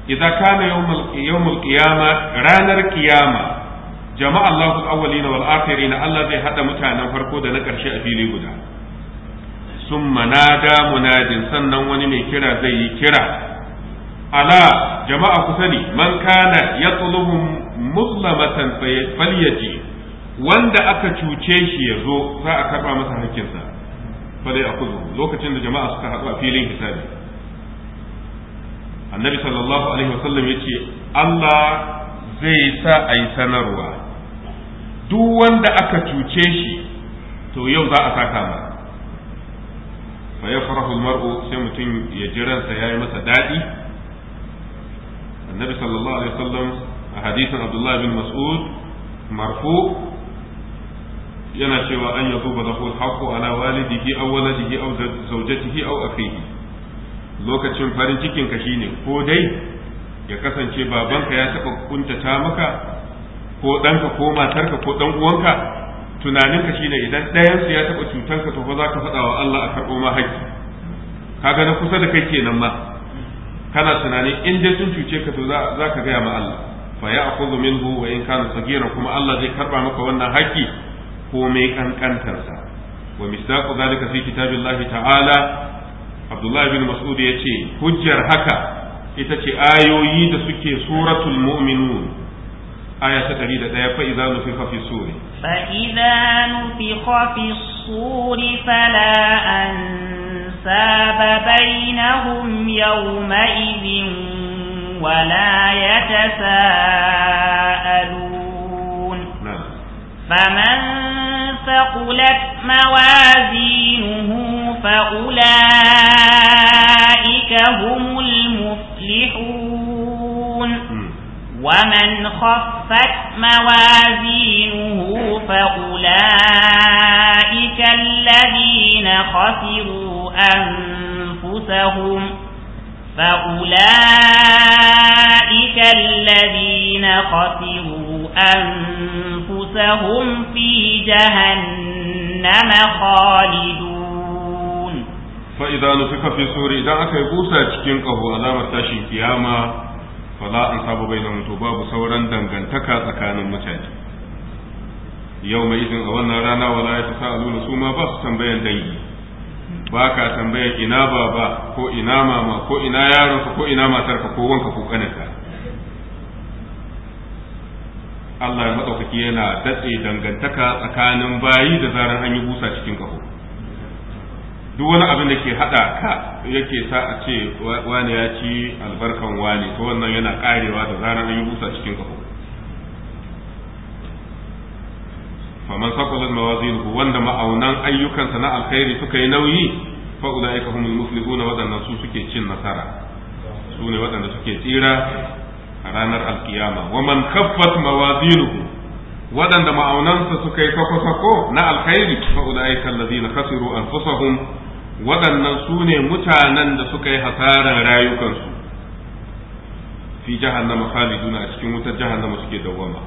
idza kana yawmul qiyama ranar qiyama jama'a Allahul awwalina wal akhirin Allah zai hada mutanen farko da na karshe a fili guda ثم نادى munadin sannan wani mai kira zai yi kira ala jama'a ku sani man kana yatlubu muslamatan falyaji wanda aka cuce shi ya zo za a karba masa hakkinsa falai a kuzu lokacin da jama'a suka haɗu a filin hisabi annabi sallallahu alaihi wasallam ya ce allah zai sa a yi sanarwa duk wanda aka cuce shi to yau za a saka masa fa farahu almar'u sai mutum ya ji ransa yayi masa dadi annabi sallallahu alaihi wasallam a hadisin abdullah bin mas'ud marfu yana cewa an yatuba lahu alhaqqu ala walidihi aw waladihi aw zawjatihi aw akhihi lokacin farin cikin ka shine ko dai ya kasance babanka ya taba kuntata maka ko ɗanka ko matarka ko ɗan uwanka tunaninka shine idan ɗayan su ya taɓa cutanka to fa za ka faɗa wa Allah a karɓo ma haƙƙi kaga na kusa da kai kenan ma kana tunani in dai sun cuce ka to za ka gaya ma Allah fa ya'khudhu minhu wa in kana sagira kuma Allah zai karba maka wannan haƙƙi ko mai kankantarsa wa misdaqu zalika fi kitabillahi ta'ala Abdullah bin Mas'ud yace hujjar haka ita ce ayoyi da suke suratul mu'minun آية تريد فإذا نفخ في الصور فإذا نفخ في الصور فلا أنساب بينهم يومئذ ولا يتساءلون نعم. فمن ثقلت موازينه فأولئك هم المفلحون ومن خفت موازينه فأولئك الذين خسروا أنفسهم فأولئك الذين خسروا أنفسهم في جهنم خالدون فإذا نفق في سوري إذا يبوسى بوسى تشكين قبو ألامة تشي fala isabu bainahum to babu sauran dangantaka tsakanin mutane yau mai izin a wannan rana wala ya sa aluna su ma ba su tambayan dangi ba ka tambayan ina baba ko ina mama ko ina yaronka ko ina matarka ko wanka ko kaninka Allah ya maɗaukaki yana datse dangantaka tsakanin bayi da zaran an yi busa cikin ƙaho duk wani abin da ke hada ka yake sa a ce wani ya ci albarkan wani to wannan yana karewa da zarar an yi busa cikin kafa faman mawazin mawazinuhu wanda ma'aunan ayyukansa na alkhairi suka yi nauyi fa ulaika humul muflihuna waɗannan su suke cin nasara su ne wadanda suke tsira a ranar alkiyama wa man khaffat mawazinuhu wadanda ma'aunansa suka yi sako na alkhairi fa ulaika allazina khasiru anfusahum waɗannan su ne mutanen da suka yi hasaran rayukansu fi jahannama khaliduna a cikin wutar jahannama suke dawwama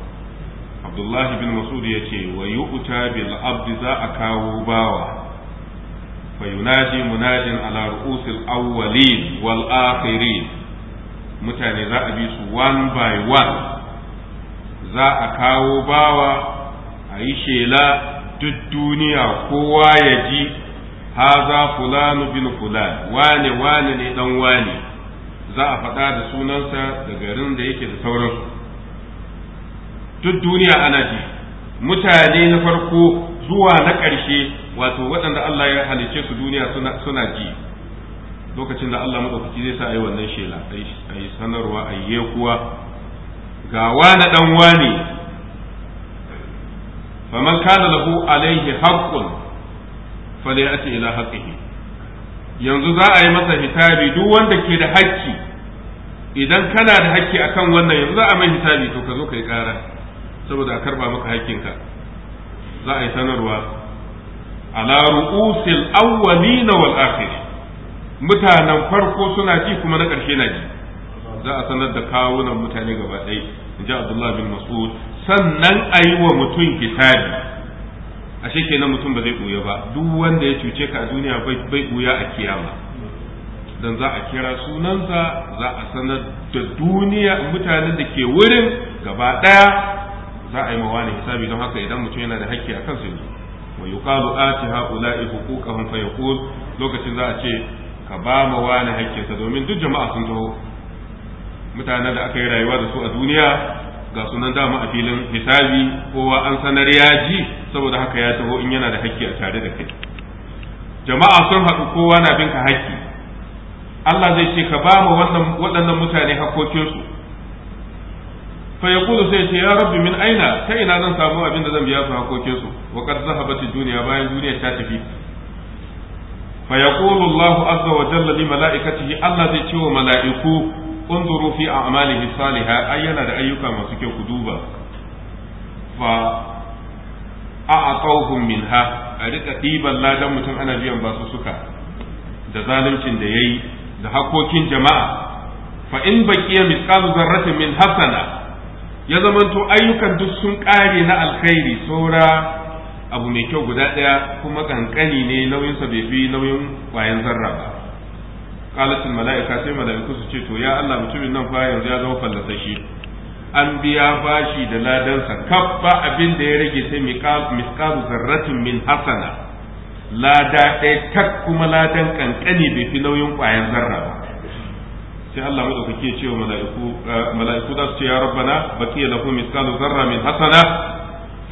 abdullahi bin masud ya ce wa yu'ta bil abdi za a kawo bawa fa yunaji munajin ala ru'usil awwalin wal akhirin mutane za a bi su one by one za a kawo bawa a yi shela duk duniya kowa ya ji haza fulanu bin fulan wane wane ne dan wane za a faɗa da sunansa da garin da yake da sauransu duk duniya ana ji mutane na farko zuwa na ƙarshe wato waɗanda Allah ya halice su duniya suna ji lokacin da Allah maɗaukaki zai sa a yi wannan shela a yi sanarwa a yi kuwa ga wani dan wani faman kana lahu alaihi haqqun falyati ila haqqihi yanzu za a yi masa hisabi duk wanda ke da hakki idan kana da hakki akan wannan yanzu za a mai hisabi to ka zo kai kara saboda a karba maka ka za a yi sanarwa ala ru'usil awwalin wal akhir mutanen farko suna ci kuma na ƙarshe na ji za a sanar da kawunan mutane gaba ɗaya in ji abdullah bin mas'ud sannan a yi wa mutum hitabi. ashe kenan mutum ba zai buya ba duk wanda ya cuce ka a duniya bai buya a kiyama dan za a kira sunansa za a sanar da duniya mutanen da ke wurin gaba ɗaya za a yi mawa ne hisabi don haka idan mutum yana da hakki a kansa ne wa yuqalu ati haula'i huquqahum fa yaqul lokacin za a ce ka ba ma wani hakkinsa domin duk jama'a sun taho mutanen da aka yi rayuwa da su a duniya ga sunan dama a filin hisabi kowa an sanar ya ji saboda haka ya taho in yana da hakki a tare da kai jama'a sun haɗu kowa na binka hakki Allah zai ce ka ba mu waɗannan mutane hakokinsu. fa kudu sai ce ya rabbi min aina ta ina zan samu abin da zan biya su hakokinsu wa qad duniya bayan duniya ta tafi fa yaqulu Allahu azza wa jalla li mala'ikatihi Allah zai ce wa mala'iku unzuru a Malibi, salihah ai yana da ayyuka masu kyau ku duba fa a'atawhum minha a rika ɗiban ladan mutum ana biyan basu suka da zaluncin da yayi da hakokin jama'a fa in baqiya misqalu dharratin min hasana ya zamanto ayyukan duk sun ƙare na alkhairi saura abu mai kyau guda ɗaya kuma kankani ne nauyinsa bai nauyin kwayan zarraba. qalatul mala'ika sai mala'iku su ce to ya Allah mutumin nan fa yanzu ya zama fallasashi an biya bashi da ladansa kaba ba abin da ya rage sai misqalu zarratin min hasana lada ɗaya tak kuma ladan kankani bai fi nauyin ƙwayan zarra ba sai Allah madaukake ce wa mala'iku mala'iku za su ce ya rabbana baqiya lahu misqalu zarra min hasana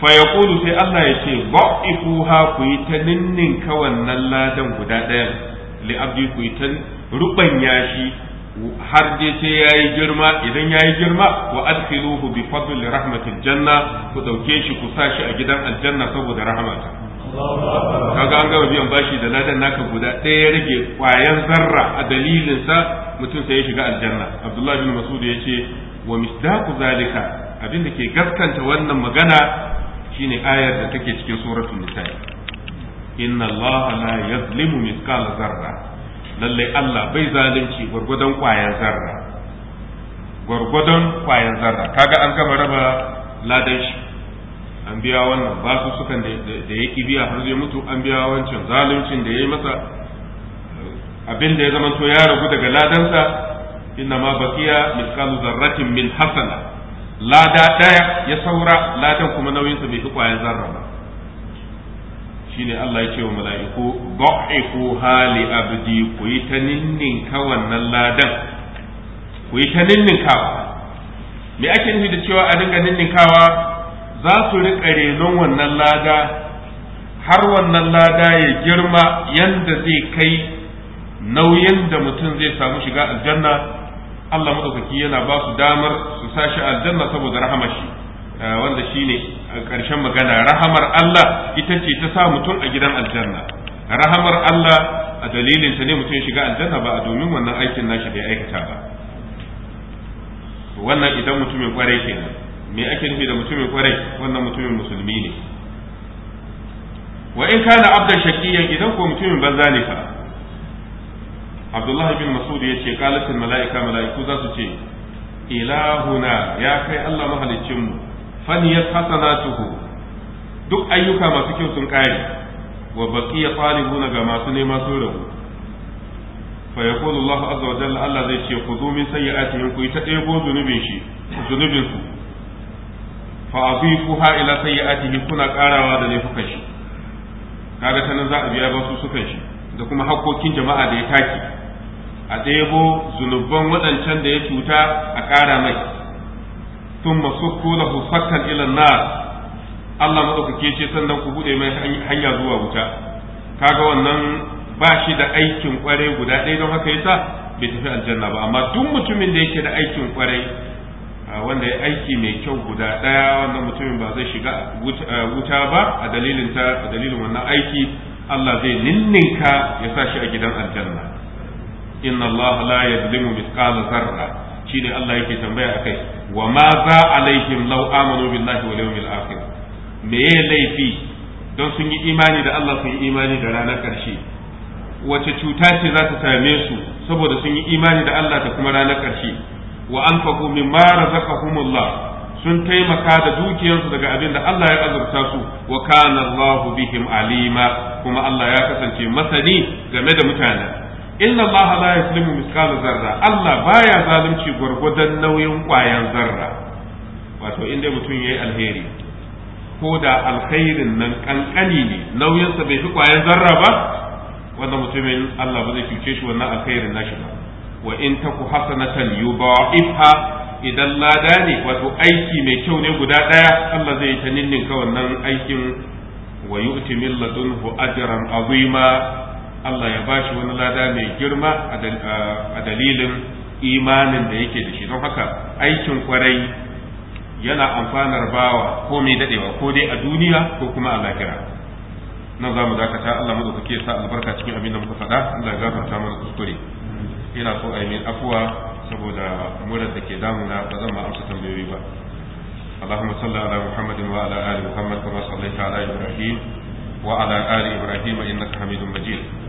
fa yaqulu sai Allah ya ce ba'ifuha ku yi ta ninninka wannan ladan guda ɗaya li ku yi ta rubanya shi har je sai yi girma idan ya yi girma wa adkhiluhu bi fadli rahmatil janna ku dauke shi ku sa shi a gidan aljanna saboda rahmata kaga an gama biyan bashi da ladan naka guda ɗaya ya rage kwayan zarra a dalilin sa mutum sai ya shiga aljanna abdullahi bin mas'ud ya ce, wa misdaqu zalika abinda ke gaskanta wannan magana shine ayar da take cikin suratul nisa inna allaha la yazlimu mithqala zarra lallai Allah bai zalunci gwargwadon kwayan zarra gwargwadon kwayan zarra kaga an gama raba ladan shi an biya wannan ba su sukan da ya biya har zai mutu an biya wancan zaluncin da ya yi masa abin da ya zama to ya ragu daga ladansa inna ma baqiya kalu zarratin min hasana lada daya ya saura ladan kuma nauyinsa bai fi kwayan zarra ba shine Allah ya ce wa mala'iku da'ifu hali abdi ku yi ta ninninka wannan ladan ku yi ta ninninkawa me ake nufi da cewa a dinga kawa za su riƙa renon wannan lada har wannan lada ya girma yanda zai kai nauyin da mutum zai samu shiga aljanna Allah maɗaukaki yana ba su damar su sashi aljanna saboda rahama shi eh, wanda shine a ƙarshen magana rahamar Allah ita ce ta sa mutum a gidan aljanna rahamar Allah a dalilin ta ne mutum ya shiga aljanna ba a domin wannan aikin nashi bai aikata ba wannan idan mutumin kwarai kenan me ake nufi da mutumin kwarai wannan mutumin musulmi ne wa in kana abdan shaqiyan idan ko mutumin banza ne fa Abdullah bin Mas'ud yace qalatul malaika malaiku za su ce ilahuna ya kai Allah mahaliccin mu faniyat hasanatuhu duk ayyuka masu kyau sun kare wa baqiya talibuna ga masu nema sun rabu fa yaqulu Allah azza wa jalla Allah zai ce ku zo min sayyi'atihim ku ta ɗebo zunubin shi zunubin su fa ha ila sayyi'atihi kuna karawa da laifukan shi kaga ta nan za a biya basu suka shi da kuma hakkokin jama'a da ya taki a ɗebo zunuban waɗancan da ya cuta a kara mai ثم sukku له fakkan ila النار Allah madaukake ce sannan ku بودي mai hanya zuwa wuta kaga wannan ba shi da aikin kwarai guda ɗaya don haka yasa bai tafi aljanna ba amma duk mutumin da yake da aikin kwarai wanda ya aiki mai kyau guda ɗaya wannan mutumin ba zai shiga wuta ba a dalilin ta a dalilin wannan aiki Allah zai ninninka ya sa shi a gidan aljanna inna Allah la yadlimu mithqala zarra shine Allah yake tambaya akai wa ma za alaihim law amanu billahi wal yawmil akhir me ya laifi don sun yi imani da Allah sun yi imani da ranar karshe wace cuta ce za ta same su saboda sun yi imani da Allah da kuma ranar karshe wa anfaqu mimma razaqahumullah sun taimaka da dukiyarsu daga abin da Allah ya azurta su wa kana Allahu bihim alima kuma Allah ya kasance masani game da mutanen inna Allah la yuzlimu mithqala zarra Allah baya zalunci gwargwadon nauyin kwayan zarra wato inda mutum yayi alheri ko da alkhairin nan kankani ne nauyinsa bai fi kwayan zarra ba wannan mutumin Allah ba zai cuce shi wannan alkhairin nashi ba wa in taku hasanatan yudha'ifha idan lada ne wato aiki mai kyau ne guda daya Allah zai ta ninninka wannan aikin wa yu'ti min ladunhu ajran azima Allah ya bashi wani lada mai girma a dalilin imanin da yake da shi don haka aikin kwarai yana amfanar bawa ko mai dadewa ko dai a duniya ko kuma a lahira nan za mu dakata Allah mu dauke sa albarka cikin abin da muka faɗa Allah ya gafarta mana kuskure ina so a yi min afuwa saboda murar da ke damuna ba zan ma amsa tambayoyi ba اللهم صل على محمد وعلى آل محمد كما صليت على إبراهيم وعلى آل إبراهيم إنك حميد مجيد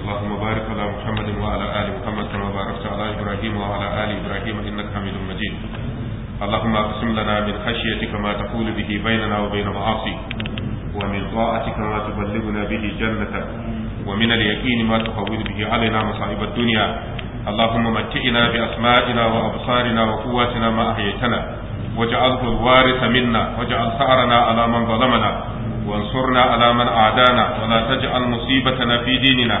اللهم بارك على محمد وعلى آل محمد كما باركت على إبراهيم وعلى آل إبراهيم إنك حميد مجيد اللهم اقسم لنا من خشيتك ما تقول به بيننا وبين معاصيك ومن طاعتك ما تبلغنا به جنتك ومن اليقين ما تهون به علينا مصائب الدنيا اللهم متئنا بأسمائنا وأبصارنا وقواتنا ما أحييتنا واجعله الوارث منا واجعل ثأرنا على من ظلمنا وانصرنا على من أعدانا ولا تجعل مصيبتنا في ديننا